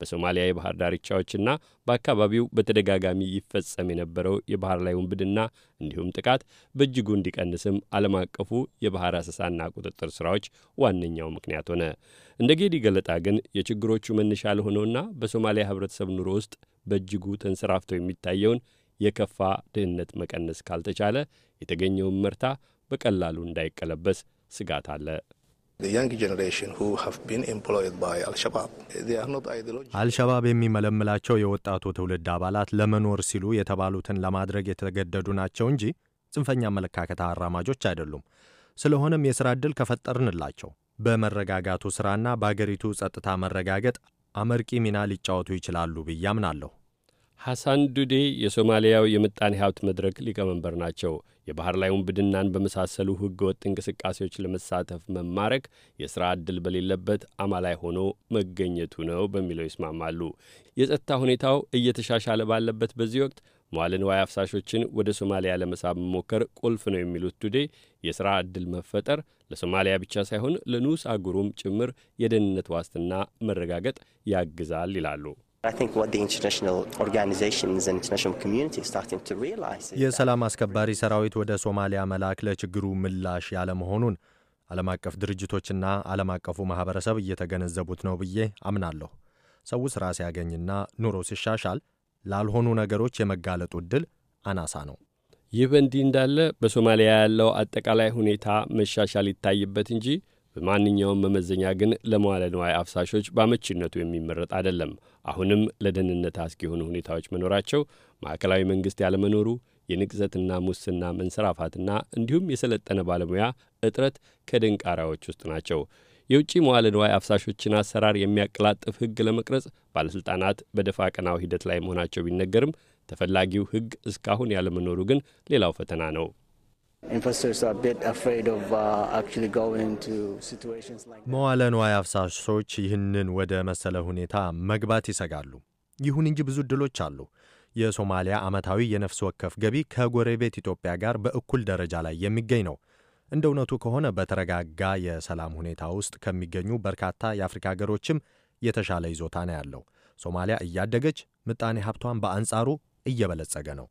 በሶማሊያ የባህር ዳርቻዎችና በአካባቢው በተደጋጋሚ ይፈጸም የነበረው የባህር ላይ ውንብድና እንዲሁም ጥቃት በእጅጉ እንዲቀንስም ዓለም አቀፉ የባህር አሰሳና ቁጥጥር ስራዎች ዋነኛው ምክንያት ሆነ። እንደ ጌዲ ገለጣ ግን የችግሮቹ መነሻ ለሆነውና በሶማሊያ ህብረተሰብ ኑሮ ውስጥ በእጅጉ ተንሰራፍቶ የሚታየውን የከፋ ድህነት መቀነስ ካልተቻለ የተገኘውን መርታ በቀላሉ እንዳይቀለበስ ስጋት አለ። አልሸባብ የሚመለምላቸው የወጣቱ ትውልድ አባላት ለመኖር ሲሉ የተባሉትን ለማድረግ የተገደዱ ናቸው እንጂ ጽንፈኛ አመለካከት አራማጆች አይደሉም። ስለሆነም የሥራ ዕድል ከፈጠርንላቸው በመረጋጋቱ ሥራና በአገሪቱ ጸጥታ መረጋገጥ አመርቂ ሚና ሊጫወቱ ይችላሉ ብዬ አምናለሁ። ሐሳን ዱዴ የሶማሊያው የምጣኔ ሀብት መድረክ ሊቀመንበር ናቸው። የባህር ላይ ውንብድናን በመሳሰሉ ሕገ ወጥ እንቅስቃሴዎች ለመሳተፍ መማረክ የሥራ ዕድል በሌለበት አማላይ ሆኖ መገኘቱ ነው በሚለው ይስማማሉ። የጸጥታ ሁኔታው እየተሻሻለ ባለበት በዚህ ወቅት መዋለ ንዋይ አፍሳሾችን ወደ ሶማሊያ ለመሳብ መሞከር ቁልፍ ነው የሚሉት ዱዴ የሥራ ዕድል መፈጠር ለሶማሊያ ብቻ ሳይሆን ለንዑስ አህጉሩም ጭምር የደህንነት ዋስትና መረጋገጥ ያግዛል ይላሉ። የሰላም አስከባሪ ሰራዊት ወደ ሶማሊያ መላክ ለችግሩ ምላሽ ያለመሆኑን ዓለም አቀፍ ድርጅቶችና ዓለም አቀፉ ማኅበረሰብ እየተገነዘቡት ነው ብዬ አምናለሁ። ሰው ሥራ ሲያገኝና ኑሮ ሲሻሻል ላልሆኑ ነገሮች የመጋለጡ ዕድል አናሳ ነው። ይህ በእንዲህ እንዳለ በሶማሊያ ያለው አጠቃላይ ሁኔታ መሻሻል ይታይበት እንጂ በማንኛውም መመዘኛ ግን ለመዋለ ንዋይ አፍሳሾች በአመቺነቱ የሚመረጥ አይደለም። አሁንም ለደህንነት አስጊ የሆኑ ሁኔታዎች መኖራቸው፣ ማዕከላዊ መንግሥት ያለመኖሩ፣ የንቅዘትና ሙስና መንሰራፋትና እንዲሁም የሰለጠነ ባለሙያ እጥረት ከድንቃራዎች ውስጥ ናቸው። የውጭ መዋለ ንዋይ አፍሳሾችን አሰራር የሚያቀላጥፍ ሕግ ለመቅረጽ ባለሥልጣናት በደፋ ቀናው ሂደት ላይ መሆናቸው ቢነገርም ተፈላጊው ሕግ እስካሁን ያለመኖሩ ግን ሌላው ፈተና ነው። Uh, መዋለ ንዋይ አፍሳሾች ይህንን ወደ መሰለ ሁኔታ መግባት ይሰጋሉ። ይሁን እንጂ ብዙ እድሎች አሉ። የሶማሊያ ዓመታዊ የነፍስ ወከፍ ገቢ ከጎረቤት ኢትዮጵያ ጋር በእኩል ደረጃ ላይ የሚገኝ ነው። እንደ እውነቱ ከሆነ በተረጋጋ የሰላም ሁኔታ ውስጥ ከሚገኙ በርካታ የአፍሪካ ሀገሮችም የተሻለ ይዞታ ነው ያለው። ሶማሊያ እያደገች፣ ምጣኔ ሀብቷን በአንጻሩ እየበለጸገ ነው።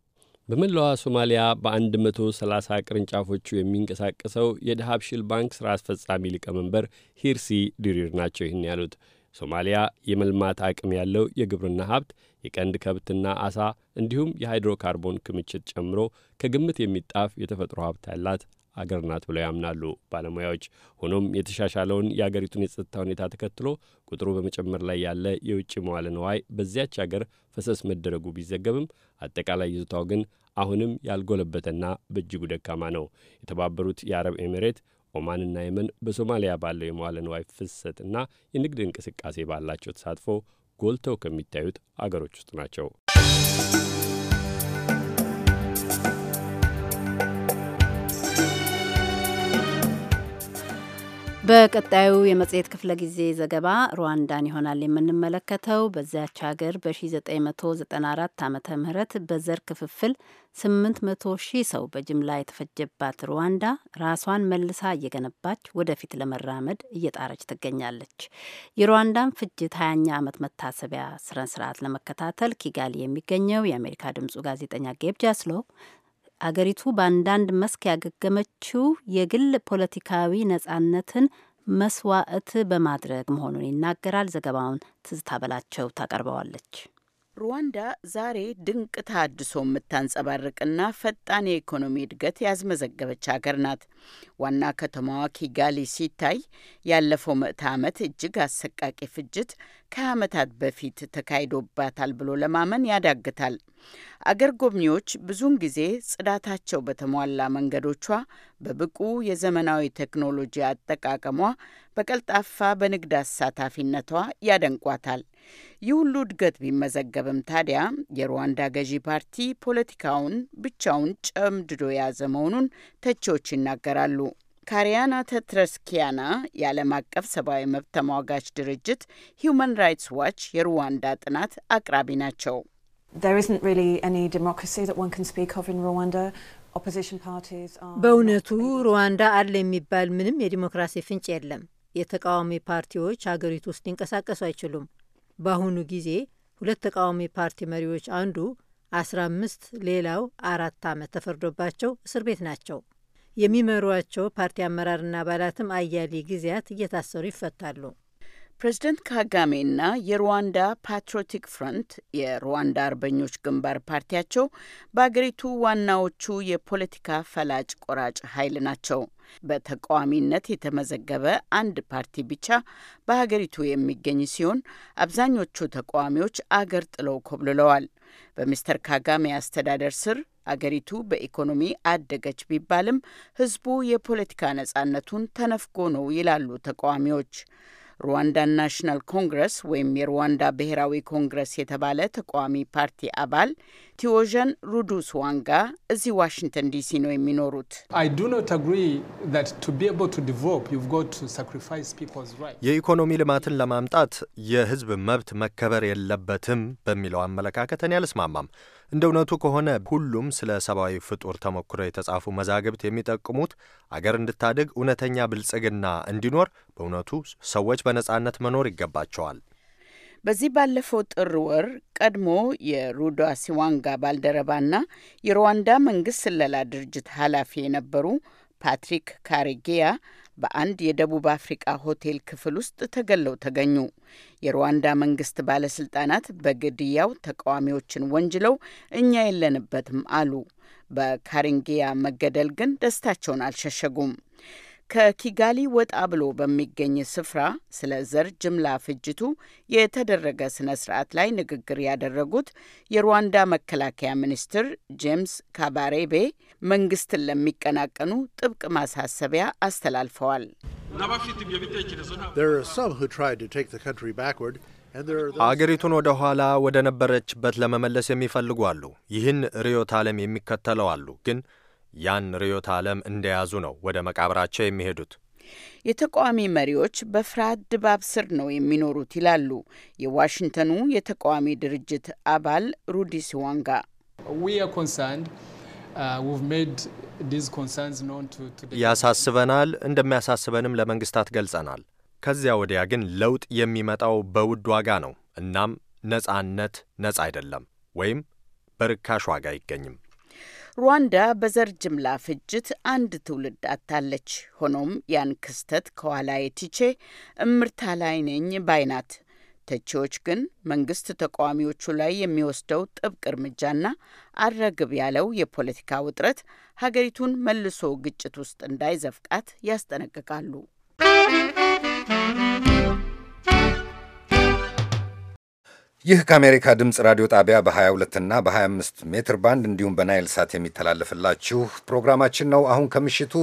በመላዋ ሶማሊያ በ130 ቅርንጫፎቹ የሚንቀሳቀሰው የድሃብሽል ባንክ ሥራ አስፈጻሚ ሊቀመንበር ሂርሲ ድሪር ናቸው ይህን ያሉት። ሶማሊያ የመልማት አቅም ያለው የግብርና ሀብት፣ የቀንድ ከብትና አሳ እንዲሁም የሃይድሮካርቦን ክምችት ጨምሮ ከግምት የሚጣፍ የተፈጥሮ ሀብት ያላት አገር ናት ብለው ያምናሉ ባለሙያዎች። ሆኖም የተሻሻለውን የአገሪቱን የጸጥታ ሁኔታ ተከትሎ ቁጥሩ በመጨመር ላይ ያለ የውጭ መዋለ ነዋይ በዚያች አገር ፈሰስ መደረጉ ቢዘገብም አጠቃላይ ይዞታው ግን አሁንም ያልጎለበተና በእጅጉ ደካማ ነው። የተባበሩት የአረብ ኤሚሬት ኦማንና የመን በሶማሊያ ባለው የመዋለ ንዋይ ፍሰትና የንግድ እንቅስቃሴ ባላቸው ተሳትፎ ጎልተው ከሚታዩት አገሮች ውስጥ ናቸው። በቀጣዩ የመጽሔት ክፍለ ጊዜ ዘገባ ሩዋንዳን ይሆናል የምንመለከተው። በዚያች ሀገር በ1994 ዓመተ ምህረት በዘር ክፍፍል 800 ሺህ ሰው በጅምላ የተፈጀባት ሩዋንዳ ራሷን መልሳ እየገነባች ወደፊት ለመራመድ እየጣረች ትገኛለች። የሩዋንዳን ፍጅት 20ኛ ዓመት መታሰቢያ ስነ ስርዓት ለመከታተል ኪጋሊ የሚገኘው የአሜሪካ ድምፁ ጋዜጠኛ ጌብ ጃስሎ አገሪቱ በአንዳንድ መስክ ያገገመችው የግል ፖለቲካዊ ነጻነትን መስዋዕት በማድረግ መሆኑን ይናገራል። ዘገባውን ትዝታ በላቸው ታቀርበዋለች። ሩዋንዳ ዛሬ ድንቅ ተሃድሶ የምታንጸባርቅና ፈጣን የኢኮኖሚ እድገት ያስመዘገበች ሀገር ናት። ዋና ከተማዋ ኪጋሊ ሲታይ ያለፈው ምዕተ ዓመት እጅግ አሰቃቂ ፍጅት ከዓመታት በፊት ተካሂዶባታል ብሎ ለማመን ያዳግታል። አገር ጎብኚዎች ብዙውን ጊዜ ጽዳታቸው በተሟላ መንገዶቿ፣ በብቁ የዘመናዊ ቴክኖሎጂ አጠቃቀሟ በቀልጣፋ በንግድ አሳታፊነቷ ያደንቋታል። ይህ ሁሉ እድገት ቢመዘገብም ታዲያ የሩዋንዳ ገዢ ፓርቲ ፖለቲካውን ብቻውን ጨምድዶ የያዘ መሆኑን ተቺዎች ይናገራሉ። ካሪያና ተትረስኪያና የዓለም አቀፍ ሰብአዊ መብት ተሟጋች ድርጅት ሂዩማን ራይትስ ዋች የሩዋንዳ ጥናት አቅራቢ ናቸው። በእውነቱ ሩዋንዳ አለ የሚባል ምንም የዲሞክራሲ ፍንጭ የለም። የተቃዋሚ ፓርቲዎች ሀገሪቱ ውስጥ ሊንቀሳቀሱ አይችሉም። በአሁኑ ጊዜ ሁለት ተቃዋሚ ፓርቲ መሪዎች አንዱ አምስት ሌላው አራት ዓመት ተፈርዶባቸው እስር ቤት ናቸው። የሚመሯቸው ፓርቲ አመራርና አባላትም አያሌ ጊዜያት እየታሰሩ ይፈታሉ። ፕሬዚደንት ካጋሜና የሩዋንዳ ፓትሪዮቲክ ፍረንት የሩዋንዳ አርበኞች ግንባር ፓርቲያቸው በአገሪቱ ዋናዎቹ የፖለቲካ ፈላጭ ቆራጭ ኃይል ናቸው። በተቃዋሚነት የተመዘገበ አንድ ፓርቲ ብቻ በሀገሪቱ የሚገኝ ሲሆን አብዛኞቹ ተቃዋሚዎች አገር ጥለው ኮብልለዋል። በሚስተር ካጋሜ አስተዳደር ስር አገሪቱ በኢኮኖሚ አደገች ቢባልም ህዝቡ የፖለቲካ ነጻነቱን ተነፍጎ ነው ይላሉ ተቃዋሚዎች። ሩዋንዳ ናሽናል ኮንግረስ ወይም የሩዋንዳ ብሔራዊ ኮንግረስ የተባለ ተቃዋሚ ፓርቲ አባል ቲዎዣን ሩዱስ ዋንጋ እዚህ ዋሽንግተን ዲሲ ነው የሚኖሩት። የኢኮኖሚ ልማትን ለማምጣት የህዝብ መብት መከበር የለበትም በሚለው አመለካከት እኔ አልስማማም። እንደ እውነቱ ከሆነ ሁሉም ስለ ሰብአዊ ፍጡር ተሞክሮ የተጻፉ መዛግብት የሚጠቅሙት አገር እንድታድግ እውነተኛ ብልጽግና እንዲኖር በእውነቱ ሰዎች በነጻነት መኖር ይገባቸዋል። በዚህ ባለፈው ጥር ወር ቀድሞ የሩዳ ሲዋንጋ ባልደረባና የሩዋንዳ መንግስት ስለላ ድርጅት ኃላፊ የነበሩ ፓትሪክ ካሬጊያ በአንድ የደቡብ አፍሪቃ ሆቴል ክፍል ውስጥ ተገለው ተገኙ። የሩዋንዳ መንግስት ባለስልጣናት በግድያው ተቃዋሚዎችን ወንጅለው እኛ የለንበትም አሉ። በካሪንጊያ መገደል ግን ደስታቸውን አልሸሸጉም። ከኪጋሊ ወጣ ብሎ በሚገኝ ስፍራ ስለ ዘር ጅምላ ፍጅቱ የተደረገ ስነ ስርዓት ላይ ንግግር ያደረጉት የሩዋንዳ መከላከያ ሚኒስትር ጄምስ ካባሬቤ መንግስትን ለሚቀናቀኑ ጥብቅ ማሳሰቢያ አስተላልፈዋል። አገሪቱን ወደ ኋላ ወደ ነበረችበት ለመመለስ የሚፈልጉ አሉ። ይህን ርዕዮተ ዓለም የሚከተለው አሉ። ግን ያን ርዕዮተ ዓለም እንደያዙ ነው ወደ መቃብራቸው የሚሄዱት። የተቃዋሚ መሪዎች በፍርሃት ድባብ ስር ነው የሚኖሩት ይላሉ የዋሽንግተኑ የተቃዋሚ ድርጅት አባል ሩዲ ሲዋንጋ Uh, ያሳስበናል፣ እንደሚያሳስበንም ለመንግስታት ገልጸናል። ከዚያ ወዲያ ግን ለውጥ የሚመጣው በውድ ዋጋ ነው። እናም ነጻነት ነጻ አይደለም ወይም በርካሽ ዋጋ አይገኝም። ሩዋንዳ በዘር ጅምላ ፍጅት አንድ ትውልድ አታለች። ሆኖም ያን ክስተት ከኋላ የቲቼ እምርታ ላይ ነኝ ባይናት ተቺዎች ግን መንግስት ተቃዋሚዎቹ ላይ የሚወስደው ጥብቅ እርምጃና አረግብ ያለው የፖለቲካ ውጥረት ሀገሪቱን መልሶ ግጭት ውስጥ እንዳይዘፍቃት ያስጠነቅቃሉ። ይህ ከአሜሪካ ድምፅ ራዲዮ ጣቢያ በ22 እና በ25 ሜትር ባንድ እንዲሁም በናይል ሳት የሚተላለፍላችሁ ፕሮግራማችን ነው። አሁን ከምሽቱ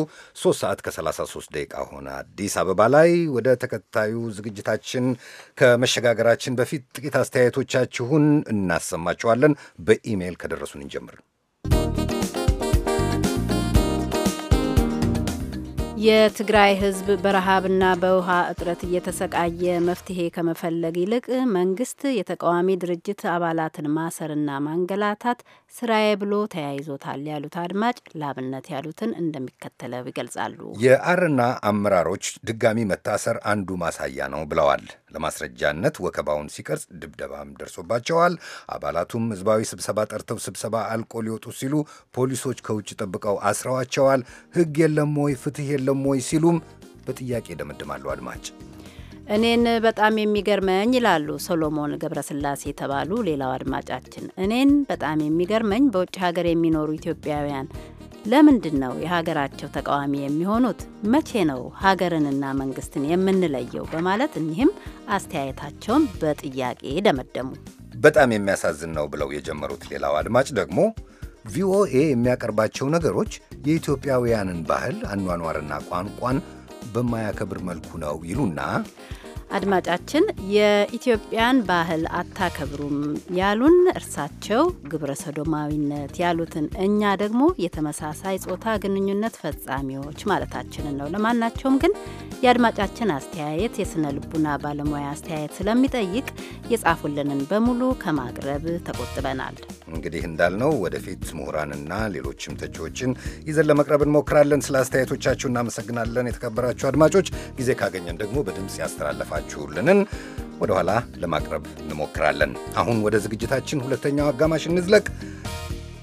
3 ሰዓት ከ33 ደቂቃ ሆነ አዲስ አበባ ላይ። ወደ ተከታዩ ዝግጅታችን ከመሸጋገራችን በፊት ጥቂት አስተያየቶቻችሁን እናሰማችኋለን። በኢሜይል ከደረሱን እንጀምር። የትግራይ ህዝብ በረሃብና በውሃ እጥረት እየተሰቃየ መፍትሄ ከመፈለግ ይልቅ መንግስት የተቃዋሚ ድርጅት አባላትን ማሰርና ማንገላታት ስራዬ ብሎ ተያይዞታል ያሉት አድማጭ ላብነት ያሉትን እንደሚከተለው ይገልጻሉ። የአርና አመራሮች ድጋሚ መታሰር አንዱ ማሳያ ነው ብለዋል። ለማስረጃነት ወከባውን ሲቀርጽ ድብደባም ደርሶባቸዋል። አባላቱም ህዝባዊ ስብሰባ ጠርተው ስብሰባ አልቆ ሊወጡ ሲሉ ፖሊሶች ከውጭ ጠብቀው አስረዋቸዋል። ህግ የለም ወይ ፍትህ የለም ወይ ሲሉም በጥያቄ ደመድማሉ አድማጭ እኔን በጣም የሚገርመኝ ይላሉ ሶሎሞን ገብረስላሴ የተባሉ ሌላው አድማጫችን። እኔን በጣም የሚገርመኝ በውጭ ሀገር የሚኖሩ ኢትዮጵያውያን ለምንድን ነው የሀገራቸው ተቃዋሚ የሚሆኑት? መቼ ነው ሀገርንና መንግስትን የምንለየው? በማለት እኒህም አስተያየታቸውን በጥያቄ ደመደሙ። በጣም የሚያሳዝን ነው ብለው የጀመሩት ሌላው አድማጭ ደግሞ ቪኦኤ የሚያቀርባቸው ነገሮች የኢትዮጵያውያንን ባህል አኗኗርና ቋንቋን በማያከብር መልኩ ነው ይሉና አድማጫችን የኢትዮጵያን ባህል አታከብሩም ያሉን እርሳቸው ግብረ ሰዶማዊነት ያሉትን እኛ ደግሞ የተመሳሳይ ጾታ ግንኙነት ፈጻሚዎች ማለታችንን ነው። ለማናቸውም ግን የአድማጫችን አስተያየት የስነ ልቡና ባለሙያ አስተያየት ስለሚጠይቅ የጻፉልንን በሙሉ ከማቅረብ ተቆጥበናል። እንግዲህ እንዳልነው ወደፊት ምሁራንና ሌሎችም ተቺዎችን ይዘን ለመቅረብ እንሞክራለን። ስለ አስተያየቶቻችሁ እናመሰግናለን። የተከበራችሁ አድማጮች ጊዜ ካገኘን ደግሞ በድምፅ ያስተላለፋል የላካችሁልንን ወደ ኋላ ለማቅረብ እንሞክራለን። አሁን ወደ ዝግጅታችን ሁለተኛው አጋማሽ እንዝለቅ።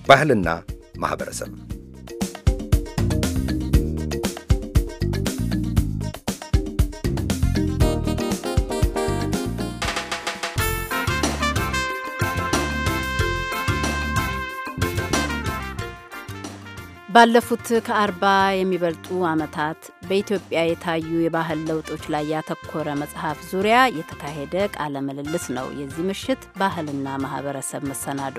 ባህልና ማኅበረሰብ ባለፉት ከአርባ የሚበልጡ ዓመታት በኢትዮጵያ የታዩ የባህል ለውጦች ላይ ያተኮረ መጽሐፍ ዙሪያ የተካሄደ ቃለ ምልልስ ነው የዚህ ምሽት ባህልና ማህበረሰብ መሰናዶ።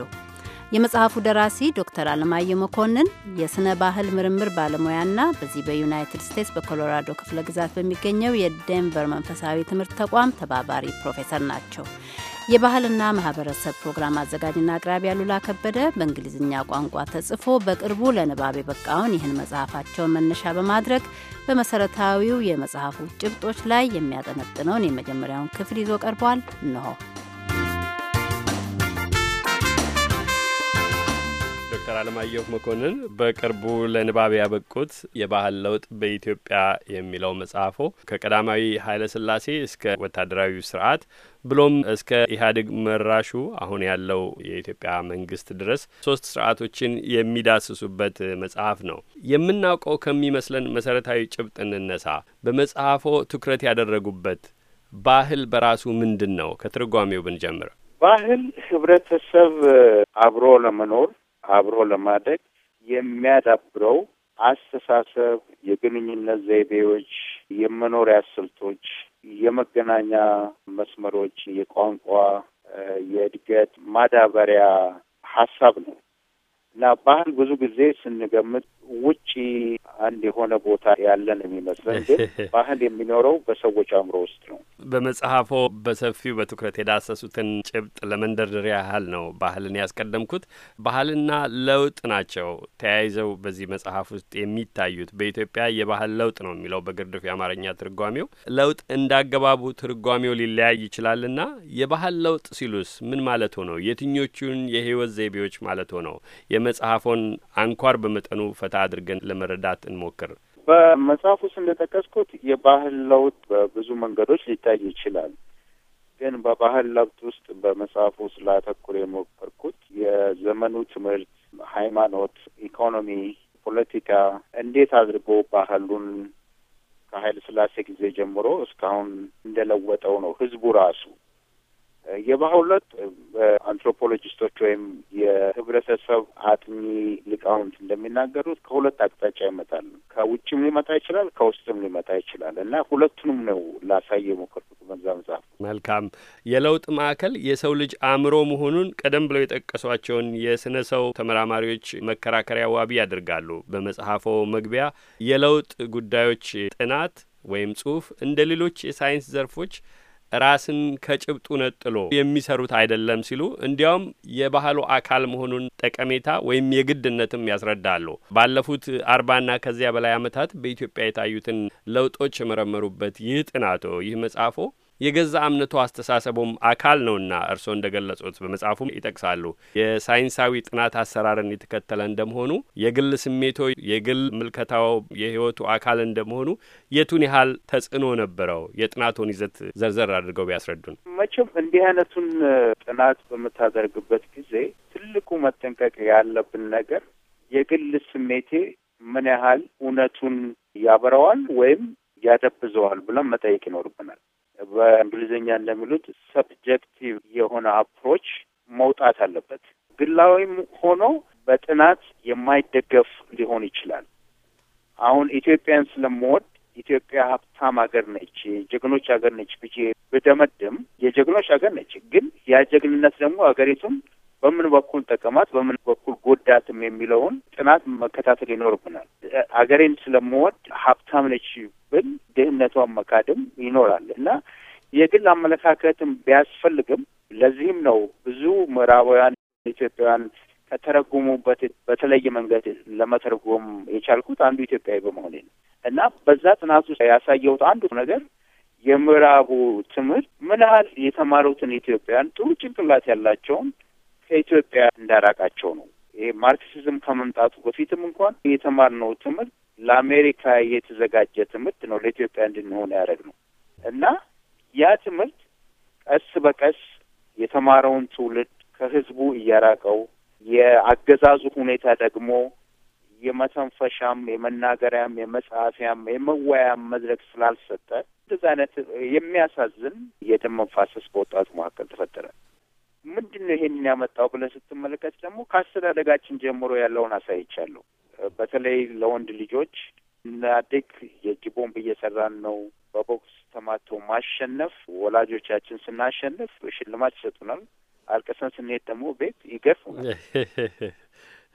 የመጽሐፉ ደራሲ ዶክተር አለማየሁ መኮንን የሥነ ባህል ምርምር ባለሙያና በዚህ በዩናይትድ ስቴትስ በኮሎራዶ ክፍለ ግዛት በሚገኘው የዴንቨር መንፈሳዊ ትምህርት ተቋም ተባባሪ ፕሮፌሰር ናቸው። የባህልና ማህበረሰብ ፕሮግራም አዘጋጅና አቅራቢ አሉላ ከበደ በእንግሊዝኛ ቋንቋ ተጽፎ በቅርቡ ለንባብ የበቃውን ይህን መጽሐፋቸውን መነሻ በማድረግ በመሰረታዊው የመጽሐፉ ጭብጦች ላይ የሚያጠነጥነውን የመጀመሪያውን ክፍል ይዞ ቀርቧል። እንሆ ዶክተር አለማየሁ መኮንን በቅርቡ ለንባብ ያበቁት የባህል ለውጥ በኢትዮጵያ የሚለው መጽሐፎ ከቀዳማዊ ኃይለ ሥላሴ እስከ ወታደራዊ ስርዓት ብሎም እስከ ኢህአዴግ መራሹ አሁን ያለው የኢትዮጵያ መንግስት ድረስ ሶስት ስርዓቶችን የሚዳስሱበት መጽሐፍ ነው። የምናውቀው ከሚመስለን መሰረታዊ ጭብጥ እንነሳ። በመጽሐፎ ትኩረት ያደረጉበት ባህል በራሱ ምንድን ነው? ከትርጓሜው ብንጀምር ባህል ህብረተሰብ አብሮ ለመኖር አብሮ ለማደግ የሚያዳብረው አስተሳሰብ፣ የግንኙነት ዘይቤዎች፣ የመኖሪያ ስልቶች፣ የመገናኛ መስመሮች፣ የቋንቋ የእድገት ማዳበሪያ ሀሳብ ነው እና ባህል ብዙ ጊዜ ስንገምት ውጪ አንድ የሆነ ቦታ ያለን የሚመስለን ግን [LAUGHS] ባህል የሚኖረው በሰዎች አእምሮ ውስጥ ነው። በመጽሐፎ በሰፊው በትኩረት የዳሰሱትን ጭብጥ ለመንደርደሪያ ያህል ነው ባህልን ያስቀደምኩት። ባህልና ለውጥ ናቸው ተያይዘው በዚህ መጽሐፍ ውስጥ የሚታዩት። በኢትዮጵያ የባህል ለውጥ ነው የሚለው በግርድፍ የአማርኛ ትርጓሜው። ለውጥ እንዳገባቡ ትርጓሜው ሊለያይ ይችላልና የባህል ለውጥ ሲሉስ ምን ማለት ነው? የትኞቹን የህይወት ዘይቤዎች ማለት ነው? የመጽሐፎን አንኳር በመጠኑ ፈታ አድርገን ለመረዳት እንሞክር። በመጽሐፍ ውስጥ እንደጠቀስኩት የባህል ለውጥ በብዙ መንገዶች ሊታይ ይችላል። ግን በባህል ለውጥ ውስጥ በመጽሐፍ ውስጥ ላተኩር የሞከርኩት የዘመኑ ትምህርት፣ ሃይማኖት፣ ኢኮኖሚ፣ ፖለቲካ እንዴት አድርጎ ባህሉን ከኃይለ ሥላሴ ጊዜ ጀምሮ እስካሁን እንደለወጠው ነው ህዝቡ ራሱ የማሁለት አንትሮፖሎጂስቶች ወይም የህብረተሰብ አጥኚ ሊቃውንት እንደሚናገሩት ከሁለት አቅጣጫ ይመጣል። ከውጭም ሊመጣ ይችላል፣ ከውስጥም ሊመጣ ይችላል እና ሁለቱንም ነው ላሳየ የሞከርኩት በዛ መጽሐፍ። መልካም የለውጥ ማዕከል የሰው ልጅ አእምሮ መሆኑን ቀደም ብለው የጠቀሷቸውን የስነ ሰው ተመራማሪዎች መከራከሪያ ዋቢ ያደርጋሉ። በመጽሐፎ መግቢያ የለውጥ ጉዳዮች ጥናት ወይም ጽሁፍ እንደ ሌሎች የሳይንስ ዘርፎች ራስን ከጭብጡ ነጥሎ የሚሰሩት አይደለም ሲሉ እንዲያውም የባህሉ አካል መሆኑን ጠቀሜታ ወይም የግድነትም ያስረዳሉ። ባለፉት አርባና ከዚያ በላይ ዓመታት በኢትዮጵያ የታዩትን ለውጦች የመረመሩበት ይህ ጥናቶ ይህ መጽሐፎ የገዛ እምነቱ አስተሳሰቡም አካል ነውና እርስዎ እንደ ገለጹት በመጽሐፉም ይጠቅሳሉ የሳይንሳዊ ጥናት አሰራርን የተከተለ እንደመሆኑ የግል ስሜቶ የግል ምልከታው የህይወቱ አካል እንደመሆኑ የቱን ያህል ተጽዕኖ ነበረው? የጥናቱን ይዘት ዘርዘር አድርገው ቢያስረዱን። መቼም እንዲህ አይነቱን ጥናት በምታደርግበት ጊዜ ትልቁ መጠንቀቅ ያለብን ነገር የግል ስሜቴ ምን ያህል እውነቱን ያበረዋል ወይም ያደብዘዋል ብለን መጠየቅ ይኖርብናል። በእንግሊዝኛ እንደሚሉት ሰብጀክቲቭ የሆነ አፕሮች መውጣት አለበት። ግላዊም ሆኖ በጥናት የማይደገፍ ሊሆን ይችላል። አሁን ኢትዮጵያን ስለምወድ ኢትዮጵያ ሀብታም ሀገር ነች፣ የጀግኖች ሀገር ነች ብዬ ብደመድም የጀግኖች ሀገር ነች። ግን ያ ጀግንነት ደግሞ ሀገሪቱን በምን በኩል ጠቀማት፣ በምን በኩል ጎዳትም የሚለውን ጥናት መከታተል ይኖርብናል። አገሬን ስለምወድ ሀብታም ነች ብል ድህነቷን መካድም ይኖራል እና የግል አመለካከትም ቢያስፈልግም ለዚህም ነው ብዙ ምዕራባውያን ኢትዮጵያውያን ከተረጎሙበት በተለየ መንገድ ለመተርጎም የቻልኩት አንዱ ኢትዮጵያዊ በመሆኔ ነው እና በዛ ጥናት ውስጥ ያሳየሁት አንዱ ነገር የምዕራቡ ትምህርት ምን ያህል የተማሩትን ኢትዮጵያውያን ጥሩ ጭንቅላት ያላቸውን ከኢትዮጵያ እንዳራቃቸው ነው። ይሄ ማርክሲዝም ከመምጣቱ በፊትም እንኳን የተማርነው ትምህርት ለአሜሪካ የተዘጋጀ ትምህርት ነው። ለኢትዮጵያ እንድንሆን ያደረግ ነው እና ያ ትምህርት ቀስ በቀስ የተማረውን ትውልድ ከህዝቡ እያራቀው የአገዛዙ ሁኔታ ደግሞ የመተንፈሻም የመናገሪያም የመጻፊያም የመወያያም መድረክ ስላልሰጠ እንደዚ አይነት የሚያሳዝን የደም መፋሰስ በወጣቱ መካከል ተፈጠረ። ምንድን ነው ይሄንን ያመጣው ብለን ስትመለከት ደግሞ ከአስተዳደጋችን ጀምሮ ያለውን አሳይቻለሁ። በተለይ ለወንድ ልጆች እናድግ የእጅ ቦምብ እየሰራን ነው። በቦክስ ተማቶ ማሸነፍ ወላጆቻችን ስናሸንፍ ሽልማት ይሰጡናል። አልቀሰን ስንሄድ ደግሞ ቤት ይገርፉናል።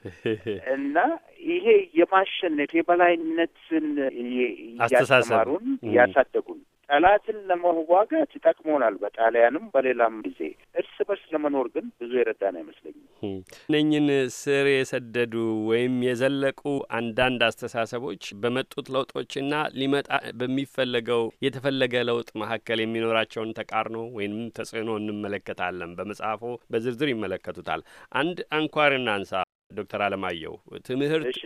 [LAUGHS] እና ይሄ የማሸነፍ የበላይነትን እያስተማሩን እያሳደጉን ጠላትን ለመዋጋት ይጠቅመናል። በጣሊያንም በሌላም ጊዜ እርስ በርስ ለመኖር ግን ብዙ የረዳን አይመስለኝም። እነኝን ስር የሰደዱ ወይም የዘለቁ አንዳንድ አስተሳሰቦች በመጡት ለውጦችና ሊመጣ በሚፈለገው የተፈለገ ለውጥ መካከል የሚኖራቸውን ተቃርኖ ወይም ተጽዕኖ እንመለከታለን። በመጽሐፎ በዝርዝር ይመለከቱታል። አንድ አንኳር እናንሳ። ዶክተር አለማየሁ ትምህርት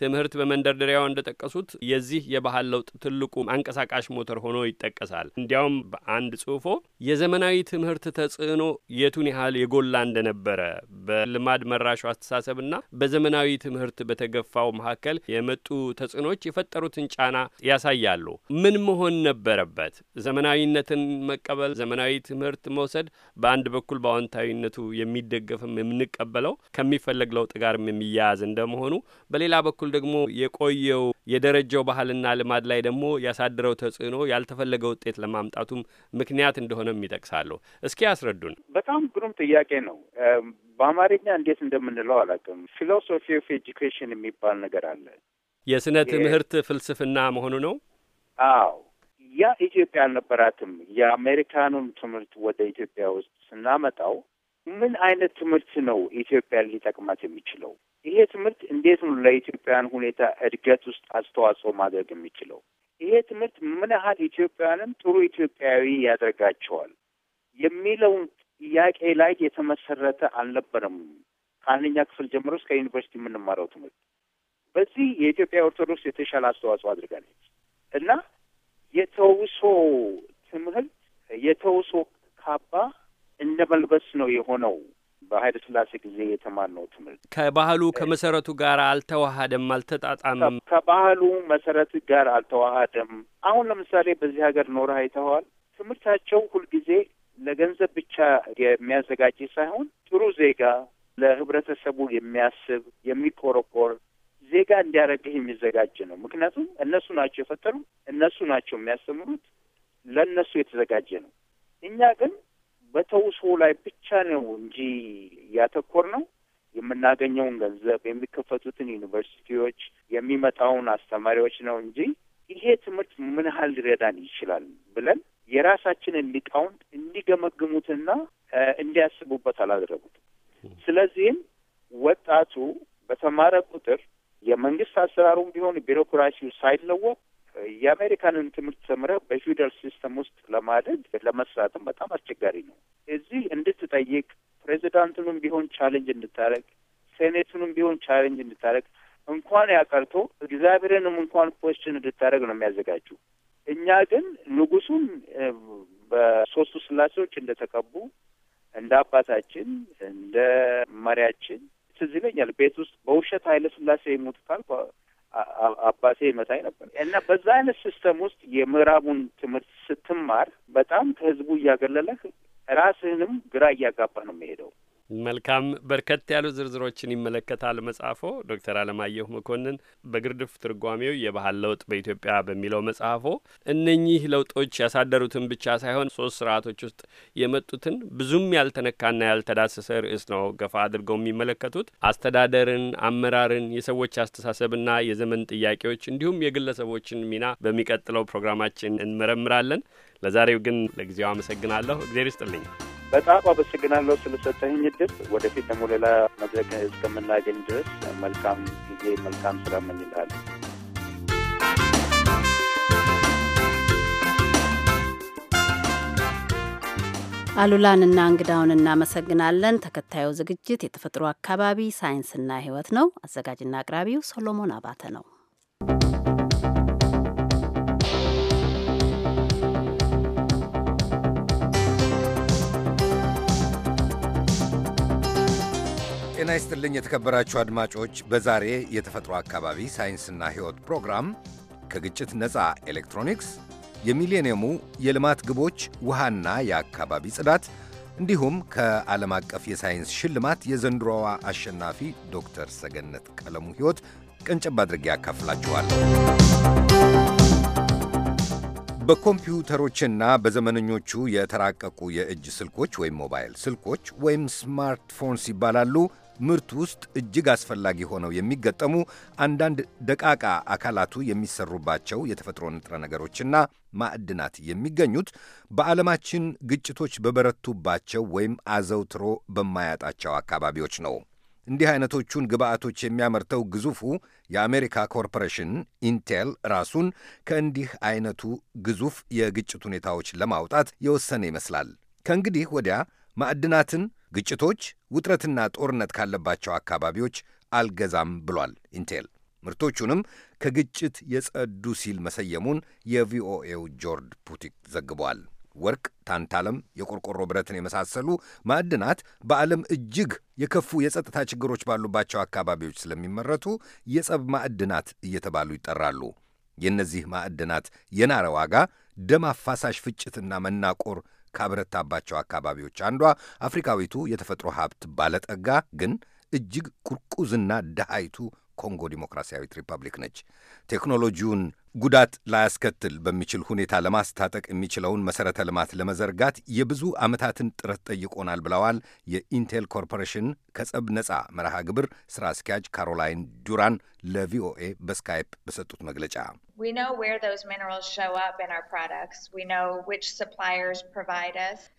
ትምህርት በመንደርደሪያው እንደጠቀሱት የዚህ የባህል ለውጥ ትልቁ አንቀሳቃሽ ሞተር ሆኖ ይጠቀሳል። እንዲያውም በአንድ ጽሁፎ የዘመናዊ ትምህርት ተጽዕኖ የቱን ያህል የጎላ እንደነበረ በልማድ መራሹ አስተሳሰብና በዘመናዊ ትምህርት በተገፋው መካከል የመጡ ተጽዕኖዎች የፈጠሩትን ጫና ያሳያሉ። ምን መሆን ነበረበት? ዘመናዊነትን መቀበል፣ ዘመናዊ ትምህርት መውሰድ በአንድ በኩል በአዎንታዊነቱ የሚደገፍም የምንቀበለው ከሚፈለግ ለውጥ ጋርም የሚያያዝ እንደመሆኑ በሌላ በኩል ደግሞ የቆየው የደረጃው ባህልና ልማድ ላይ ደግሞ ያሳድረው ተጽዕኖ ያልተፈለገ ውጤት ለማምጣቱም ምክንያት እንደሆነም ይጠቅሳሉ። እስኪ ያስረዱን። በጣም ግሩም ጥያቄ ነው። በአማርኛ እንዴት እንደምንለው አላውቅም። ፊሎሶፊ ኦፍ ኤጁኬሽን የሚባል ነገር አለ። የስነ ትምህርት ፍልስፍና መሆኑ ነው። አዎ ያ ኢትዮጵያ አልነበራትም። የአሜሪካኑን ትምህርት ወደ ኢትዮጵያ ውስጥ ስናመጣው ምን አይነት ትምህርት ነው ኢትዮጵያ ሊጠቅማት የሚችለው? ይሄ ትምህርት እንዴት ነው ለኢትዮጵያውያን ሁኔታ እድገት ውስጥ አስተዋጽኦ ማድረግ የሚችለው? ይሄ ትምህርት ምን ያህል ኢትዮጵያውያንም ጥሩ ኢትዮጵያዊ ያደርጋቸዋል የሚለውን ጥያቄ ላይ የተመሰረተ አልነበረም። ከአንደኛ ክፍል ጀምሮ እስከ ዩኒቨርሲቲ የምንማረው ትምህርት በዚህ የኢትዮጵያ ኦርቶዶክስ የተሻለ አስተዋጽኦ አድርጋለች እና የተውሶ ትምህርት የተውሶ ካባ እንደ መልበስ ነው የሆነው። በኃይለ ሥላሴ ጊዜ የተማርነው ትምህርት ከባህሉ ከመሰረቱ ጋር አልተዋሃደም፣ አልተጣጣምም። ከባህሉ መሰረት ጋር አልተዋሃደም። አሁን ለምሳሌ በዚህ ሀገር ኖረህ አይተኸዋል። ትምህርታቸው ሁልጊዜ ለገንዘብ ብቻ የሚያዘጋጅ ሳይሆን ጥሩ ዜጋ፣ ለህብረተሰቡ የሚያስብ የሚቆረቆር ዜጋ እንዲያደርግህ የሚዘጋጅ ነው። ምክንያቱም እነሱ ናቸው የፈጠሩ፣ እነሱ ናቸው የሚያስተምሩት፣ ለእነሱ የተዘጋጀ ነው። እኛ ግን በተውሶ ላይ ብቻ ነው እንጂ ያተኮር ነው የምናገኘውን ገንዘብ የሚከፈቱትን ዩኒቨርሲቲዎች የሚመጣውን አስተማሪዎች ነው እንጂ ይሄ ትምህርት ምን ያህል ሊረዳን ይችላል ብለን የራሳችንን ሊቃውንት እንዲገመግሙትና እንዲያስቡበት አላደረጉትም። ስለዚህም ወጣቱ በተማረ ቁጥር የመንግስት አሰራሩም ቢሆን ቢሮክራሲው ሳይለወቅ የአሜሪካንን ትምህርት ተምረ በፊደራል ሲስተም ውስጥ ለማደግ ለመስራትም በጣም አስቸጋሪ ነው። እዚህ እንድትጠይቅ ፕሬዚዳንቱንም ቢሆን ቻሌንጅ እንድታደረግ ሴኔቱንም ቢሆን ቻሌንጅ እንድታደረግ እንኳን ያቀርቶ እግዚአብሔርንም እንኳን ኮስችን እንድታደረግ ነው የሚያዘጋጁ። እኛ ግን ንጉሱን በሶስቱ ስላሴዎች እንደተቀቡ እንደ አባታችን እንደ መሪያችን ትዝ ይለኛል ቤት ውስጥ በውሸት ኃይለ ስላሴ ይሙት አባሴ መታኝ ነበር እና በዛ አይነት ሲስተም ውስጥ የምዕራቡን ትምህርት ስትማር በጣም ከህዝቡ እያገለለህ ራስህንም ግራ እያጋባ ነው የሚሄደው። መልካም በርከት ያሉ ዝርዝሮችን ይመለከታል መጽሐፎ። ዶክተር አለማየሁ መኮንን በግርድፍ ትርጓሜው የባህል ለውጥ በኢትዮጵያ በሚለው መጽሐፎ እነኚህ ለውጦች ያሳደሩትን ብቻ ሳይሆን ሶስት ስርዓቶች ውስጥ የመጡትን ብዙም ያልተነካና ያልተዳሰሰ ርዕስ ነው ገፋ አድርገው የሚመለከቱት። አስተዳደርን፣ አመራርን፣ የሰዎች አስተሳሰብና የዘመን ጥያቄዎች እንዲሁም የግለሰቦችን ሚና በሚቀጥለው ፕሮግራማችን እንመረምራለን። ለዛሬው ግን ለጊዜው አመሰግናለሁ። እግዜር ይስጥልኝ። በጣም አመሰግናለሁ ስለሰጠኝ እድል። ወደፊት ደግሞ ሌላ መድረክ እስከምናገኝ ድረስ መልካም ጊዜ፣ መልካም ስራ እመኝልሃለሁ። አሉላንና እንግዳውን እናመሰግናለን። ተከታዩ ዝግጅት የተፈጥሮ አካባቢ ሳይንስና ሕይወት ነው። አዘጋጅና አቅራቢው ሶሎሞን አባተ ነው። ጤና ይስጥልኝ የተከበራችሁ አድማጮች። በዛሬ የተፈጥሮ አካባቢ ሳይንስና ሕይወት ፕሮግራም ከግጭት ነፃ ኤሌክትሮኒክስ፣ የሚሌኒየሙ የልማት ግቦች፣ ውሃና የአካባቢ ጽዳት እንዲሁም ከዓለም አቀፍ የሳይንስ ሽልማት የዘንድሮዋ አሸናፊ ዶክተር ሰገነት ቀለሙ ሕይወት ቅንጭብ አድርጌ ያካፍላችኋለሁ። በኮምፒውተሮችና በዘመነኞቹ የተራቀቁ የእጅ ስልኮች ወይም ሞባይል ስልኮች ወይም ስማርትፎንስ ይባላሉ ምርት ውስጥ እጅግ አስፈላጊ ሆነው የሚገጠሙ አንዳንድ ደቃቃ አካላቱ የሚሰሩባቸው የተፈጥሮ ንጥረ ነገሮችና ማዕድናት የሚገኙት በዓለማችን ግጭቶች በበረቱባቸው ወይም አዘውትሮ በማያጣቸው አካባቢዎች ነው። እንዲህ አይነቶቹን ግብአቶች የሚያመርተው ግዙፉ የአሜሪካ ኮርፖሬሽን ኢንቴል ራሱን ከእንዲህ አይነቱ ግዙፍ የግጭት ሁኔታዎች ለማውጣት የወሰነ ይመስላል። ከእንግዲህ ወዲያ ማዕድናትን፣ ግጭቶች፣ ውጥረትና ጦርነት ካለባቸው አካባቢዎች አልገዛም ብሏል ኢንቴል። ምርቶቹንም ከግጭት የጸዱ ሲል መሰየሙን የቪኦኤው ጆርድ ፑቲክ ዘግቧል። ወርቅ፣ ታንታለም፣ የቆርቆሮ ብረትን የመሳሰሉ ማዕድናት በዓለም እጅግ የከፉ የጸጥታ ችግሮች ባሉባቸው አካባቢዎች ስለሚመረቱ የጸብ ማዕድናት እየተባሉ ይጠራሉ። የእነዚህ ማዕድናት የናረ ዋጋ ደም አፋሳሽ ፍጭትና መናቆር ካበረታባቸው አካባቢዎች አንዷ አፍሪካዊቱ የተፈጥሮ ሀብት ባለጠጋ ግን እጅግ ቁርቁዝና ደሃይቱ ኮንጎ ዲሞክራሲያዊት ሪፐብሊክ ነች። ቴክኖሎጂውን ጉዳት ላያስከትል በሚችል ሁኔታ ለማስታጠቅ የሚችለውን መሠረተ ልማት ለመዘርጋት የብዙ ዓመታትን ጥረት ጠይቆናል ብለዋል የኢንቴል ኮርፖሬሽን ከጸብ ነጻ መርሃ ግብር ሥራ አስኪያጅ ካሮላይን ዱራን ለቪኦኤ በስካይፕ በሰጡት መግለጫ We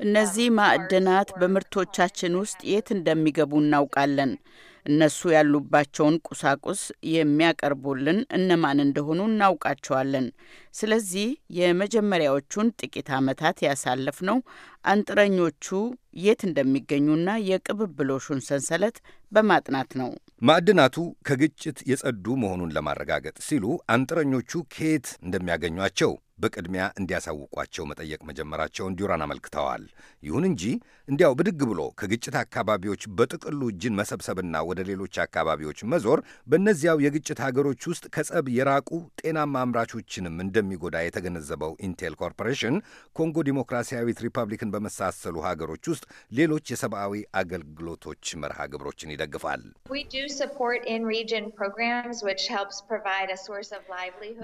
እነዚህ ማዕድናት በምርቶቻችን ውስጥ የት እንደሚገቡ እናውቃለን። እነሱ ያሉባቸውን ቁሳቁስ የሚያቀርቡልን እነማን እንደሆኑ እናውቃቸዋለን። ስለዚህ የመጀመሪያዎቹን ጥቂት ዓመታት ያሳለፍ ነው አንጥረኞቹ የት እንደሚገኙና የቅብብሎሹን ሰንሰለት በማጥናት ነው። ማዕድናቱ ከግጭት የጸዱ መሆኑን ለማረጋገጥ ሲሉ አንጥረኞቹ ከየት እንደሚያገኟቸው በቅድሚያ እንዲያሳውቋቸው መጠየቅ መጀመራቸውን ዲዩራን አመልክተዋል። ይሁን እንጂ እንዲያው ብድግ ብሎ ከግጭት አካባቢዎች በጥቅሉ እጅን መሰብሰብና ወደ ሌሎች አካባቢዎች መዞር በእነዚያው የግጭት ሀገሮች ውስጥ ከጸብ የራቁ ጤናማ አምራቾችንም እንደሚጎዳ የተገነዘበው ኢንቴል ኮርፖሬሽን ኮንጎ ዲሞክራሲያዊት ሪፐብሊክን በመሳሰሉ ሀገሮች ውስጥ ሌሎች የሰብአዊ አገልግሎቶች መርሃ ግብሮችን ይደግፋል።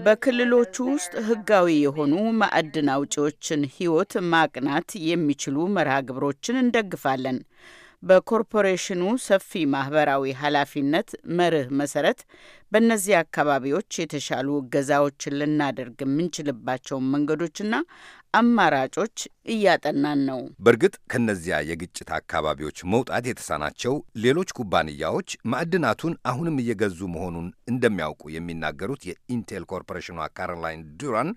በክልሎቹ ውስጥ ህጋዊ የሆኑ ማዕድን አውጪዎችን ሕይወት ማቅናት የሚችሉ መርሃ ግብሮችን እንደግፋለን። በኮርፖሬሽኑ ሰፊ ማህበራዊ ኃላፊነት መርህ መሰረት በእነዚህ አካባቢዎች የተሻሉ እገዛዎችን ልናደርግ የምንችልባቸውን መንገዶችና አማራጮች እያጠናን ነው። በእርግጥ ከነዚያ የግጭት አካባቢዎች መውጣት የተሳናቸው ሌሎች ኩባንያዎች ማዕድናቱን አሁንም እየገዙ መሆኑን እንደሚያውቁ የሚናገሩት የኢንቴል ኮርፖሬሽኗ ካሮላይን ዱራን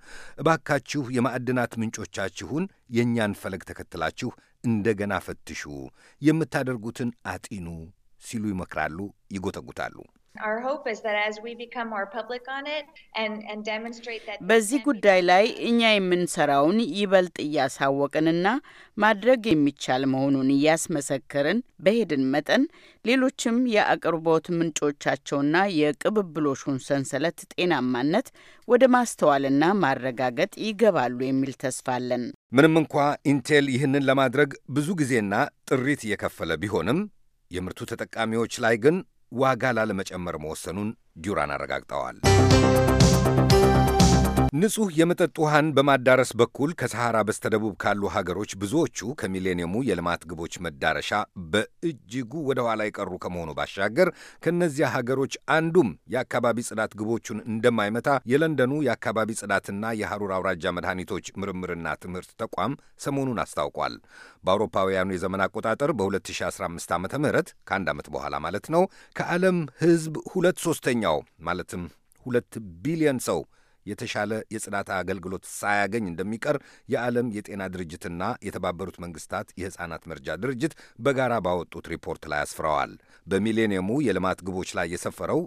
እባካችሁ የማዕድናት ምንጮቻችሁን የእኛን ፈለግ ተከትላችሁ እንደገና ፈትሹ፣ የምታደርጉትን አጢኑ ሲሉ ይመክራሉ፣ ይጎተጉታሉ። በዚህ ጉዳይ ላይ እኛ የምንሰራውን ይበልጥ እያሳወቅንና ማድረግ የሚቻል መሆኑን እያስመሰከርን በሄድን መጠን ሌሎችም የአቅርቦት ምንጮቻቸውና የቅብብሎሹን ሰንሰለት ጤናማነት ወደ ማስተዋልና ማረጋገጥ ይገባሉ የሚል ተስፋ አለን። ምንም እንኳ ኢንቴል ይህንን ለማድረግ ብዙ ጊዜና ጥሪት እየከፈለ ቢሆንም የምርቱ ተጠቃሚዎች ላይ ግን ዋጋ ላለመጨመር መወሰኑን ዱራን አረጋግጠዋል። ንጹህ የመጠጥ ውሃን በማዳረስ በኩል ከሰሐራ በስተደቡብ ካሉ ሀገሮች ብዙዎቹ ከሚሌኒየሙ የልማት ግቦች መዳረሻ በእጅጉ ወደ ኋላ የቀሩ ከመሆኑ ባሻገር ከእነዚያ ሀገሮች አንዱም የአካባቢ ጽዳት ግቦቹን እንደማይመታ የለንደኑ የአካባቢ ጽዳትና የሐሩር አውራጃ መድኃኒቶች ምርምርና ትምህርት ተቋም ሰሞኑን አስታውቋል። በአውሮፓውያኑ የዘመን አቆጣጠር በ2015 ዓ ም ከአንድ ዓመት በኋላ ማለት ነው ከዓለም ሕዝብ ሁለት ሶስተኛው ማለትም ሁለት ቢሊዮን ሰው የተሻለ የጽዳት አገልግሎት ሳያገኝ እንደሚቀር የዓለም የጤና ድርጅትና የተባበሩት መንግስታት የሕፃናት መርጃ ድርጅት በጋራ ባወጡት ሪፖርት ላይ አስፍረዋል። በሚሌኒየሙ የልማት ግቦች ላይ የሰፈረው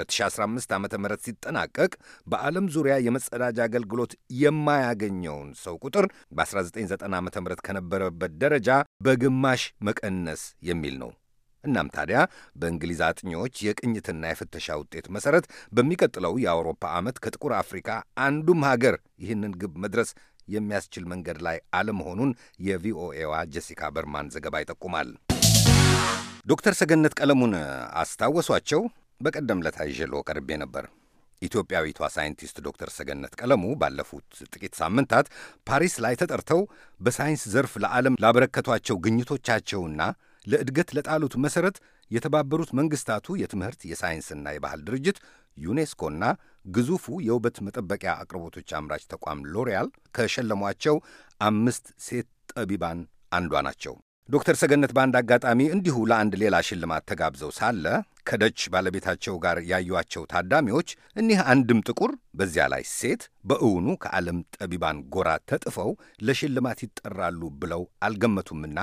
2015 ዓ ም ሲጠናቀቅ በዓለም ዙሪያ የመጸዳጃ አገልግሎት የማያገኘውን ሰው ቁጥር በ1990 ዓ ም ከነበረበት ደረጃ በግማሽ መቀነስ የሚል ነው። እናም ታዲያ በእንግሊዝ አጥኚዎች የቅኝትና የፍተሻ ውጤት መሰረት በሚቀጥለው የአውሮፓ ዓመት ከጥቁር አፍሪካ አንዱም ሀገር ይህንን ግብ መድረስ የሚያስችል መንገድ ላይ አለመሆኑን የቪኦኤዋ ጀሲካ በርማን ዘገባ ይጠቁማል። ዶክተር ሰገነት ቀለሙን አስታወሷቸው። በቀደም ለታ ይዤሎ ቀርቤ ነበር። ኢትዮጵያዊቷ ሳይንቲስት ዶክተር ሰገነት ቀለሙ ባለፉት ጥቂት ሳምንታት ፓሪስ ላይ ተጠርተው በሳይንስ ዘርፍ ለዓለም ላበረከቷቸው ግኝቶቻቸውና ለእድገት ለጣሉት መሠረት የተባበሩት መንግሥታቱ የትምህርት የሳይንስና የባህል ድርጅት ዩኔስኮና ግዙፉ የውበት መጠበቂያ አቅርቦቶች አምራች ተቋም ሎሪያል ከሸለሟቸው አምስት ሴት ጠቢባን አንዷ ናቸው። ዶክተር ሰገነት በአንድ አጋጣሚ እንዲሁ ለአንድ ሌላ ሽልማት ተጋብዘው ሳለ ከደች ባለቤታቸው ጋር ያዩቸው ታዳሚዎች እኒህ አንድም ጥቁር በዚያ ላይ ሴት በእውኑ ከዓለም ጠቢባን ጎራ ተጥፈው ለሽልማት ይጠራሉ ብለው አልገመቱምና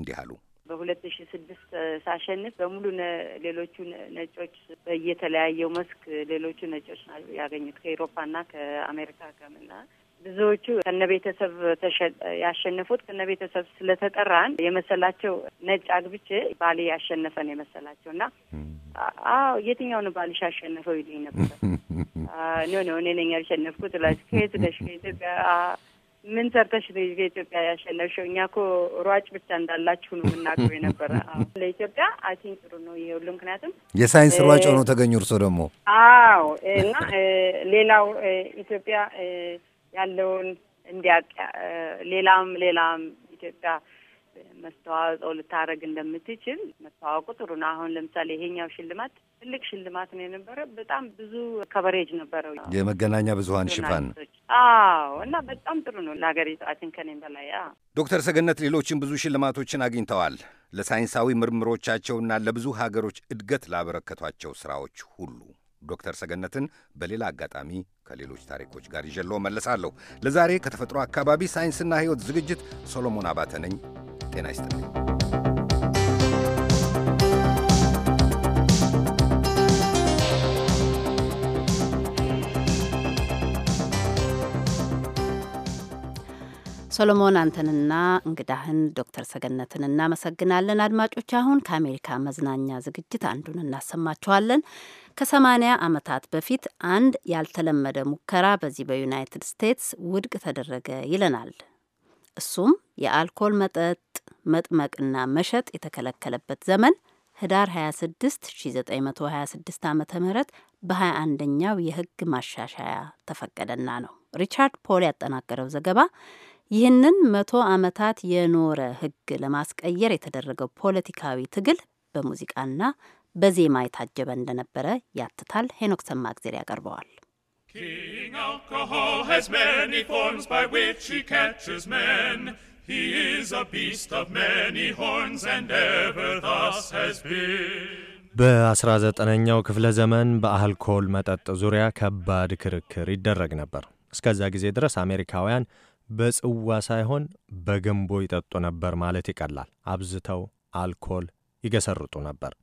እንዲህ አሉ። በሁለት ሺ ስድስት ሳሸንፍ በሙሉ ሌሎቹ ነጮች በየተለያየው መስክ ሌሎቹ ነጮች ያገኙት ከኤሮፓና ከአሜሪካ ከምና ብዙዎቹ ከነ ቤተሰብ ያሸነፉት ከነ ቤተሰብ ስለተጠራን የመሰላቸው ነጭ አግብቼ ባሌ ያሸነፈን የመሰላቸው እና አዎ የትኛውን ባልሽ ያሸነፈው ይሉኝ ነበር። ኖ ኖ እኔ ነኝ ያሸነፍኩት ላ ከየት ነሽ ከኢትዮጵያ ምን ሰርተሽ ነው ከኢትዮጵያ ያሸነፍሽው? እኛ እኮ ሯጭ ብቻ እንዳላችሁ ነው የምናገሩ የነበረ። [LAUGHS] ለኢትዮጵያ አይ ቲንክ ጥሩ ነው ይሄ ሁሉ። ምክንያቱም የሳይንስ ሯጭ ሆኖ ተገኙ እርሶ ደግሞ። አዎ [LAUGHS] እና ሌላው ኢትዮጵያ ያለውን እንዲያውቅ ሌላም ሌላም ኢትዮጵያ መስተዋጽኦ ልታደረግ እንደምትችል መተዋወቁ ጥሩ ነው። አሁን ለምሳሌ ይሄኛው ሽልማት ትልቅ ሽልማት ነው የነበረ። በጣም ብዙ ከቨሬጅ ነበረው የመገናኛ ብዙሀን ሽፋን። አዎ እና በጣም ጥሩ ነው ለሀገሪቱ አችን ከኔም በላይ ዶክተር ሰገነት ሌሎችን ብዙ ሽልማቶችን አግኝተዋል። ለሳይንሳዊ ምርምሮቻቸውና ለብዙ ሀገሮች እድገት ላበረከቷቸው ስራዎች ሁሉ ዶክተር ሰገነትን በሌላ አጋጣሚ ከሌሎች ታሪኮች ጋር ይዤ መለሳለሁ። ለዛሬ ከተፈጥሮ አካባቢ ሳይንስና ሕይወት ዝግጅት ሶሎሞን አባተ ነኝ። ጤና ይስጥልኝ። ሰሎሞን አንተንና እንግዳህን ዶክተር ሰገነትን እናመሰግናለን። አድማጮች አሁን ከአሜሪካ መዝናኛ ዝግጅት አንዱን እናሰማችኋለን። ከሰማኒያ ዓመታት በፊት አንድ ያልተለመደ ሙከራ በዚህ በዩናይትድ ስቴትስ ውድቅ ተደረገ ይለናል። እሱም የአልኮል መጠጥ መጥመቅና መሸጥ የተከለከለበት ዘመን ህዳር 26 1926 ዓ ም በ21ኛው የህግ ማሻሻያ ተፈቀደና ነው። ሪቻርድ ፖል ያጠናቀረው ዘገባ ይህንን መቶ ዓመታት የኖረ ህግ ለማስቀየር የተደረገው ፖለቲካዊ ትግል በሙዚቃና በዜማ የታጀበ እንደነበረ ያትታል። ሄኖክ ሰማእግዜር ያቀርበዋል። King Alcohol has many forms by which he catches men. He is a beast of many horns and ever thus has been. በ19ኛው ክፍለ ዘመን በአልኮል መጠጥ ዙሪያ ከባድ ክርክር ይደረግ ነበር። እስከዛ ጊዜ ድረስ አሜሪካውያን በጽዋ ሳይሆን በገንቦ ይጠጡ ነበር ማለት ይቀላል። አብዝተው አልኮል ይገሰርጡ ነበር።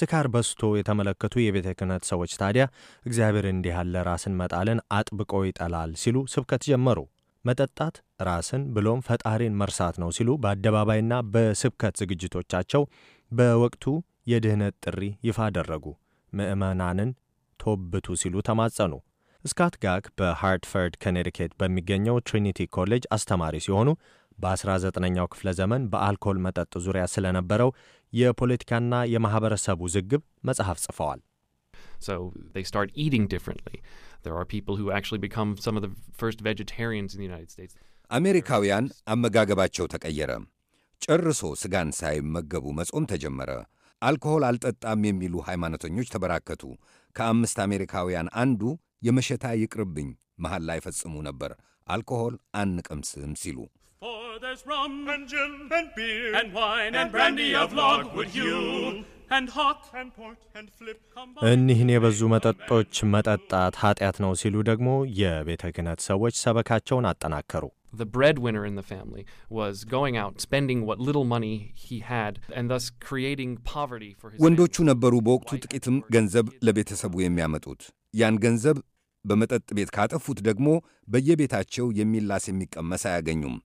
ስካር በስቶ የተመለከቱ የቤተ ክህነት ሰዎች ታዲያ እግዚአብሔር እንዲህ ያለ ራስን መጣልን አጥብቆ ይጠላል ሲሉ ስብከት ጀመሩ። መጠጣት ራስን ብሎም ፈጣሪን መርሳት ነው ሲሉ በአደባባይና በስብከት ዝግጅቶቻቸው በወቅቱ የድህነት ጥሪ ይፋ አደረጉ። ምዕመናንን ቶብቱ ሲሉ ተማጸኑ። ስካት ጋክ በሃርትፈርድ ኮኔቲኬት በሚገኘው ትሪኒቲ ኮሌጅ አስተማሪ ሲሆኑ በ19ኛው ክፍለ ዘመን በአልኮል መጠጥ ዙሪያ ስለነበረው የፖለቲካና የማኅበረሰብ ውዝግብ መጽሐፍ ጽፈዋል። So they start eating differently. There are people who actually become some of the first vegetarians in the United States. አሜሪካውያን አመጋገባቸው ተቀየረ። ጨርሶ ስጋን ሳይመገቡ መጾም ተጀመረ። አልኮሆል አልጠጣም የሚሉ ሃይማኖተኞች ተበራከቱ። ከአምስት አሜሪካውያን አንዱ የመሸታ ይቅርብኝ መሐል ላይ ፈጽሙ ነበር አልኮሆል አንቀምስም ሲሉ For there's rum and gin and beer and wine and brandy of logwood hue እኒህን የበዙ መጠጦች መጠጣት ኃጢአት ነው ሲሉ ደግሞ የቤተ ክህነት ሰዎች ሰበካቸውን አጠናከሩ። The breadwinner in the family was going out spending what little money he had and thus creating poverty for his ወንዶቹ ነበሩ በወቅቱ ጥቂትም ገንዘብ ለቤተሰቡ የሚያመጡት። ያን ገንዘብ በመጠጥ ቤት ካጠፉት ደግሞ በየቤታቸው የሚላስ የሚቀመስ አያገኙም።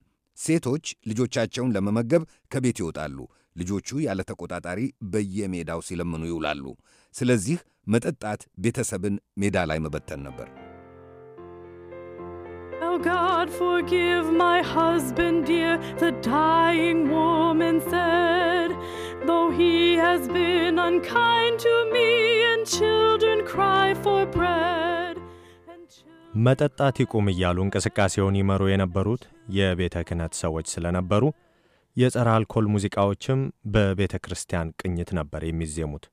ሴቶች ልጆቻቸውን ለመመገብ ከቤት ይወጣሉ። ልጆቹ ያለ ተቆጣጣሪ በየሜዳው ሲለምኑ ይውላሉ። ስለዚህ መጠጣት ቤተሰብን ሜዳ ላይ መበተን ነበር። Oh God, forgive my husband dear, the dying woman said. Though he has been unkind to me and children cry for bread. መጠጣት ይቁም እያሉ እንቅስቃሴውን ይመሩ የነበሩት የቤተ ክህነት ሰዎች ስለነበሩ የጸረ አልኮል ሙዚቃዎችም በቤተ ክርስቲያን ቅኝት ነበር የሚዜሙት።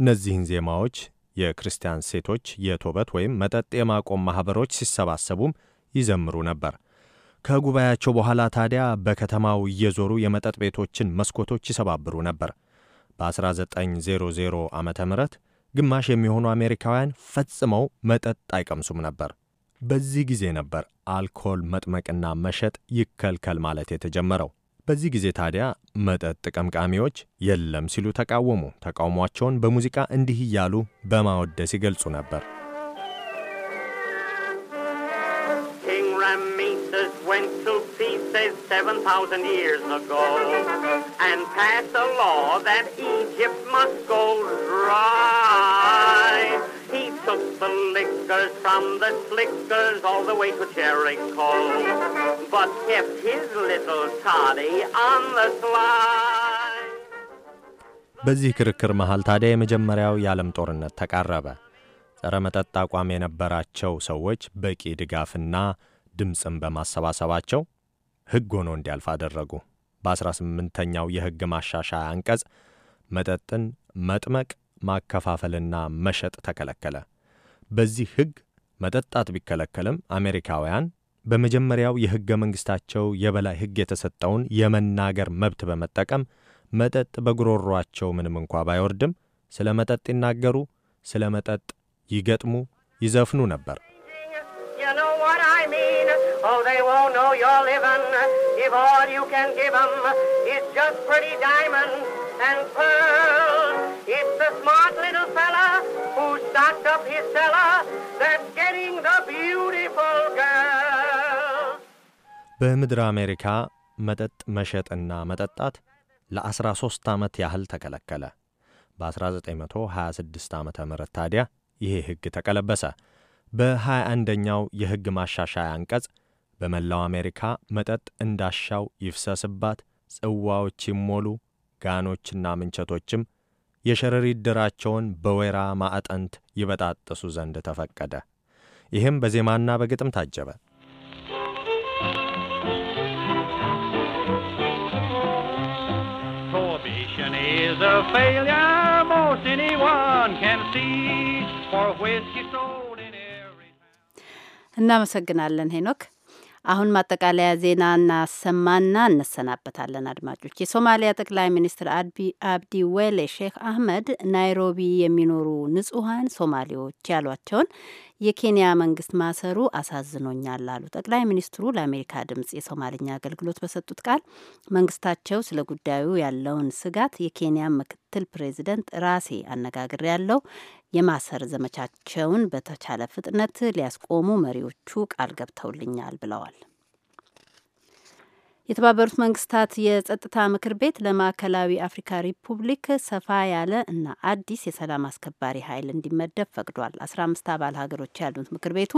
እነዚህን ዜማዎች የክርስቲያን ሴቶች የቶበት ወይም መጠጥ የማቆም ማኅበሮች ሲሰባሰቡም ይዘምሩ ነበር። ከጉባኤያቸው በኋላ ታዲያ በከተማው እየዞሩ የመጠጥ ቤቶችን መስኮቶች ይሰባብሩ ነበር። በ1900 ዓ ም ግማሽ የሚሆኑ አሜሪካውያን ፈጽመው መጠጥ አይቀምሱም ነበር። በዚህ ጊዜ ነበር አልኮል መጥመቅና መሸጥ ይከልከል ማለት የተጀመረው። በዚህ ጊዜ ታዲያ መጠጥ ቀምቃሚዎች የለም ሲሉ ተቃወሙ። ተቃውሟቸውን በሙዚቃ እንዲህ እያሉ በማወደስ ይገልጹ ነበር። He took the liquors from the slickers all the way to Jericho, but kept his little toddy on the slide. በዚህ ክርክር መሃል ታዲያ የመጀመሪያው የዓለም ጦርነት ተቃረበ። ጸረ መጠጥ አቋም የነበራቸው ሰዎች በቂ ድጋፍና ድምፅን በማሰባሰባቸው ሕግ ሆኖ እንዲያልፍ አደረጉ። በ18ኛው የሕግ ማሻሻያ አንቀጽ መጠጥን መጥመቅ ማከፋፈልና መሸጥ ተከለከለ። በዚህ ሕግ መጠጣት ቢከለከልም አሜሪካውያን በመጀመሪያው የሕገ መንግሥታቸው የበላይ ሕግ የተሰጠውን የመናገር መብት በመጠቀም መጠጥ በጉሮሯቸው ምንም እንኳ ባይወርድም ስለ መጠጥ ይናገሩ፣ ስለ መጠጥ ይገጥሙ፣ ይዘፍኑ ነበር። It's the smart little fella who stocked up his cellar that's getting the beautiful girl. በምድር አሜሪካ መጠጥ መሸጥና መጠጣት ለ13 ዓመት ያህል ተከለከለ። በ1926 ዓ ም ታዲያ ይሄ ሕግ ተቀለበሰ። በ21ኛው የሕግ ማሻሻያ አንቀጽ በመላው አሜሪካ መጠጥ እንዳሻው ይፍሰስባት፣ ጽዋዎች ይሞሉ፣ ጋኖችና ምንቸቶችም የሸረሪት ድራቸውን በወይራ ማዕጠንት ይበጣጥሱ ዘንድ ተፈቀደ። ይህም በዜማና በግጥም ታጀበ። እናመሰግናለን ሄኖክ። አሁን ማጠቃለያ ዜና እናሰማና እንሰናበታለን። አድማጮች የሶማሊያ ጠቅላይ ሚኒስትር አብዲ ወሌ ሼክ አህመድ ናይሮቢ የሚኖሩ ንጹሐን ሶማሌዎች ያሏቸውን የኬንያ መንግስት ማሰሩ አሳዝኖኛል አሉ። ጠቅላይ ሚኒስትሩ ለአሜሪካ ድምጽ የሶማልኛ አገልግሎት በሰጡት ቃል መንግስታቸው ስለ ጉዳዩ ያለውን ስጋት የኬንያ ምክትል ፕሬዚደንት ራሴ አነጋግሬ ያለው የማሰር ዘመቻቸውን በተቻለ ፍጥነት ሊያስቆሙ መሪዎቹ ቃል ገብተውልኛል ብለዋል። የተባበሩት መንግስታት የጸጥታ ምክር ቤት ለማዕከላዊ አፍሪካ ሪፑብሊክ ሰፋ ያለ እና አዲስ የሰላም አስከባሪ ኃይል እንዲመደብ ፈቅዷል። አስራ አምስት አባል ሀገሮች ያሉት ምክር ቤቱ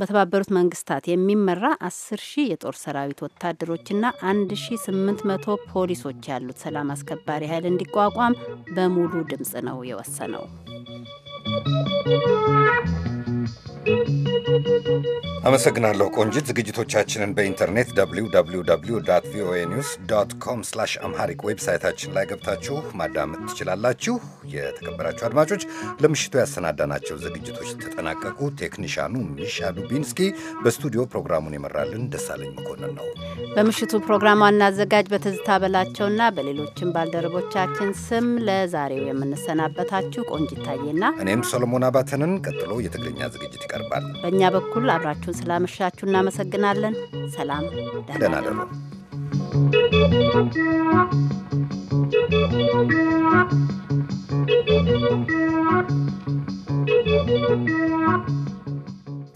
በተባበሩት መንግስታት የሚመራ አስር ሺህ የጦር ሰራዊት ወታደሮችና አንድ ሺ ስምንት መቶ ፖሊሶች ያሉት ሰላም አስከባሪ ኃይል እንዲቋቋም በሙሉ ድምጽ ነው የወሰነው። አመሰግናለሁ ቆንጂት። ዝግጅቶቻችንን በኢንተርኔት ቪኦኤ ኒውስ ዶት ኮም ስላሽ አምሃሪክ ዌብሳይታችን ላይ ገብታችሁ ማዳመጥ ትችላላችሁ። የተከበራችሁ አድማጮች ለምሽቱ ያሰናዳናቸው ዝግጅቶች ተጠናቀቁ። ቴክኒሻኑ ሚሻ ዱቢንስኪ፣ በስቱዲዮ ፕሮግራሙን የመራልን ደሳለኝ መኮንን ነው። በምሽቱ ፕሮግራም ዋና አዘጋጅ በትዝታ በላቸውና በሌሎችም ባልደረቦቻችን ስም ለዛሬው የምንሰናበታችሁ ቆንጂት ታዬና እኔም ሰሎሞን አባተንን። ቀጥሎ የትግርኛ ዝግጅት ይቀርባል። በእኛ በኩል አብራችሁ አብራችሁን ስላመሻችሁ እናመሰግናለን። ሰላም፣ ደህና ደሩ።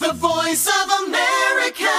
The Voice of America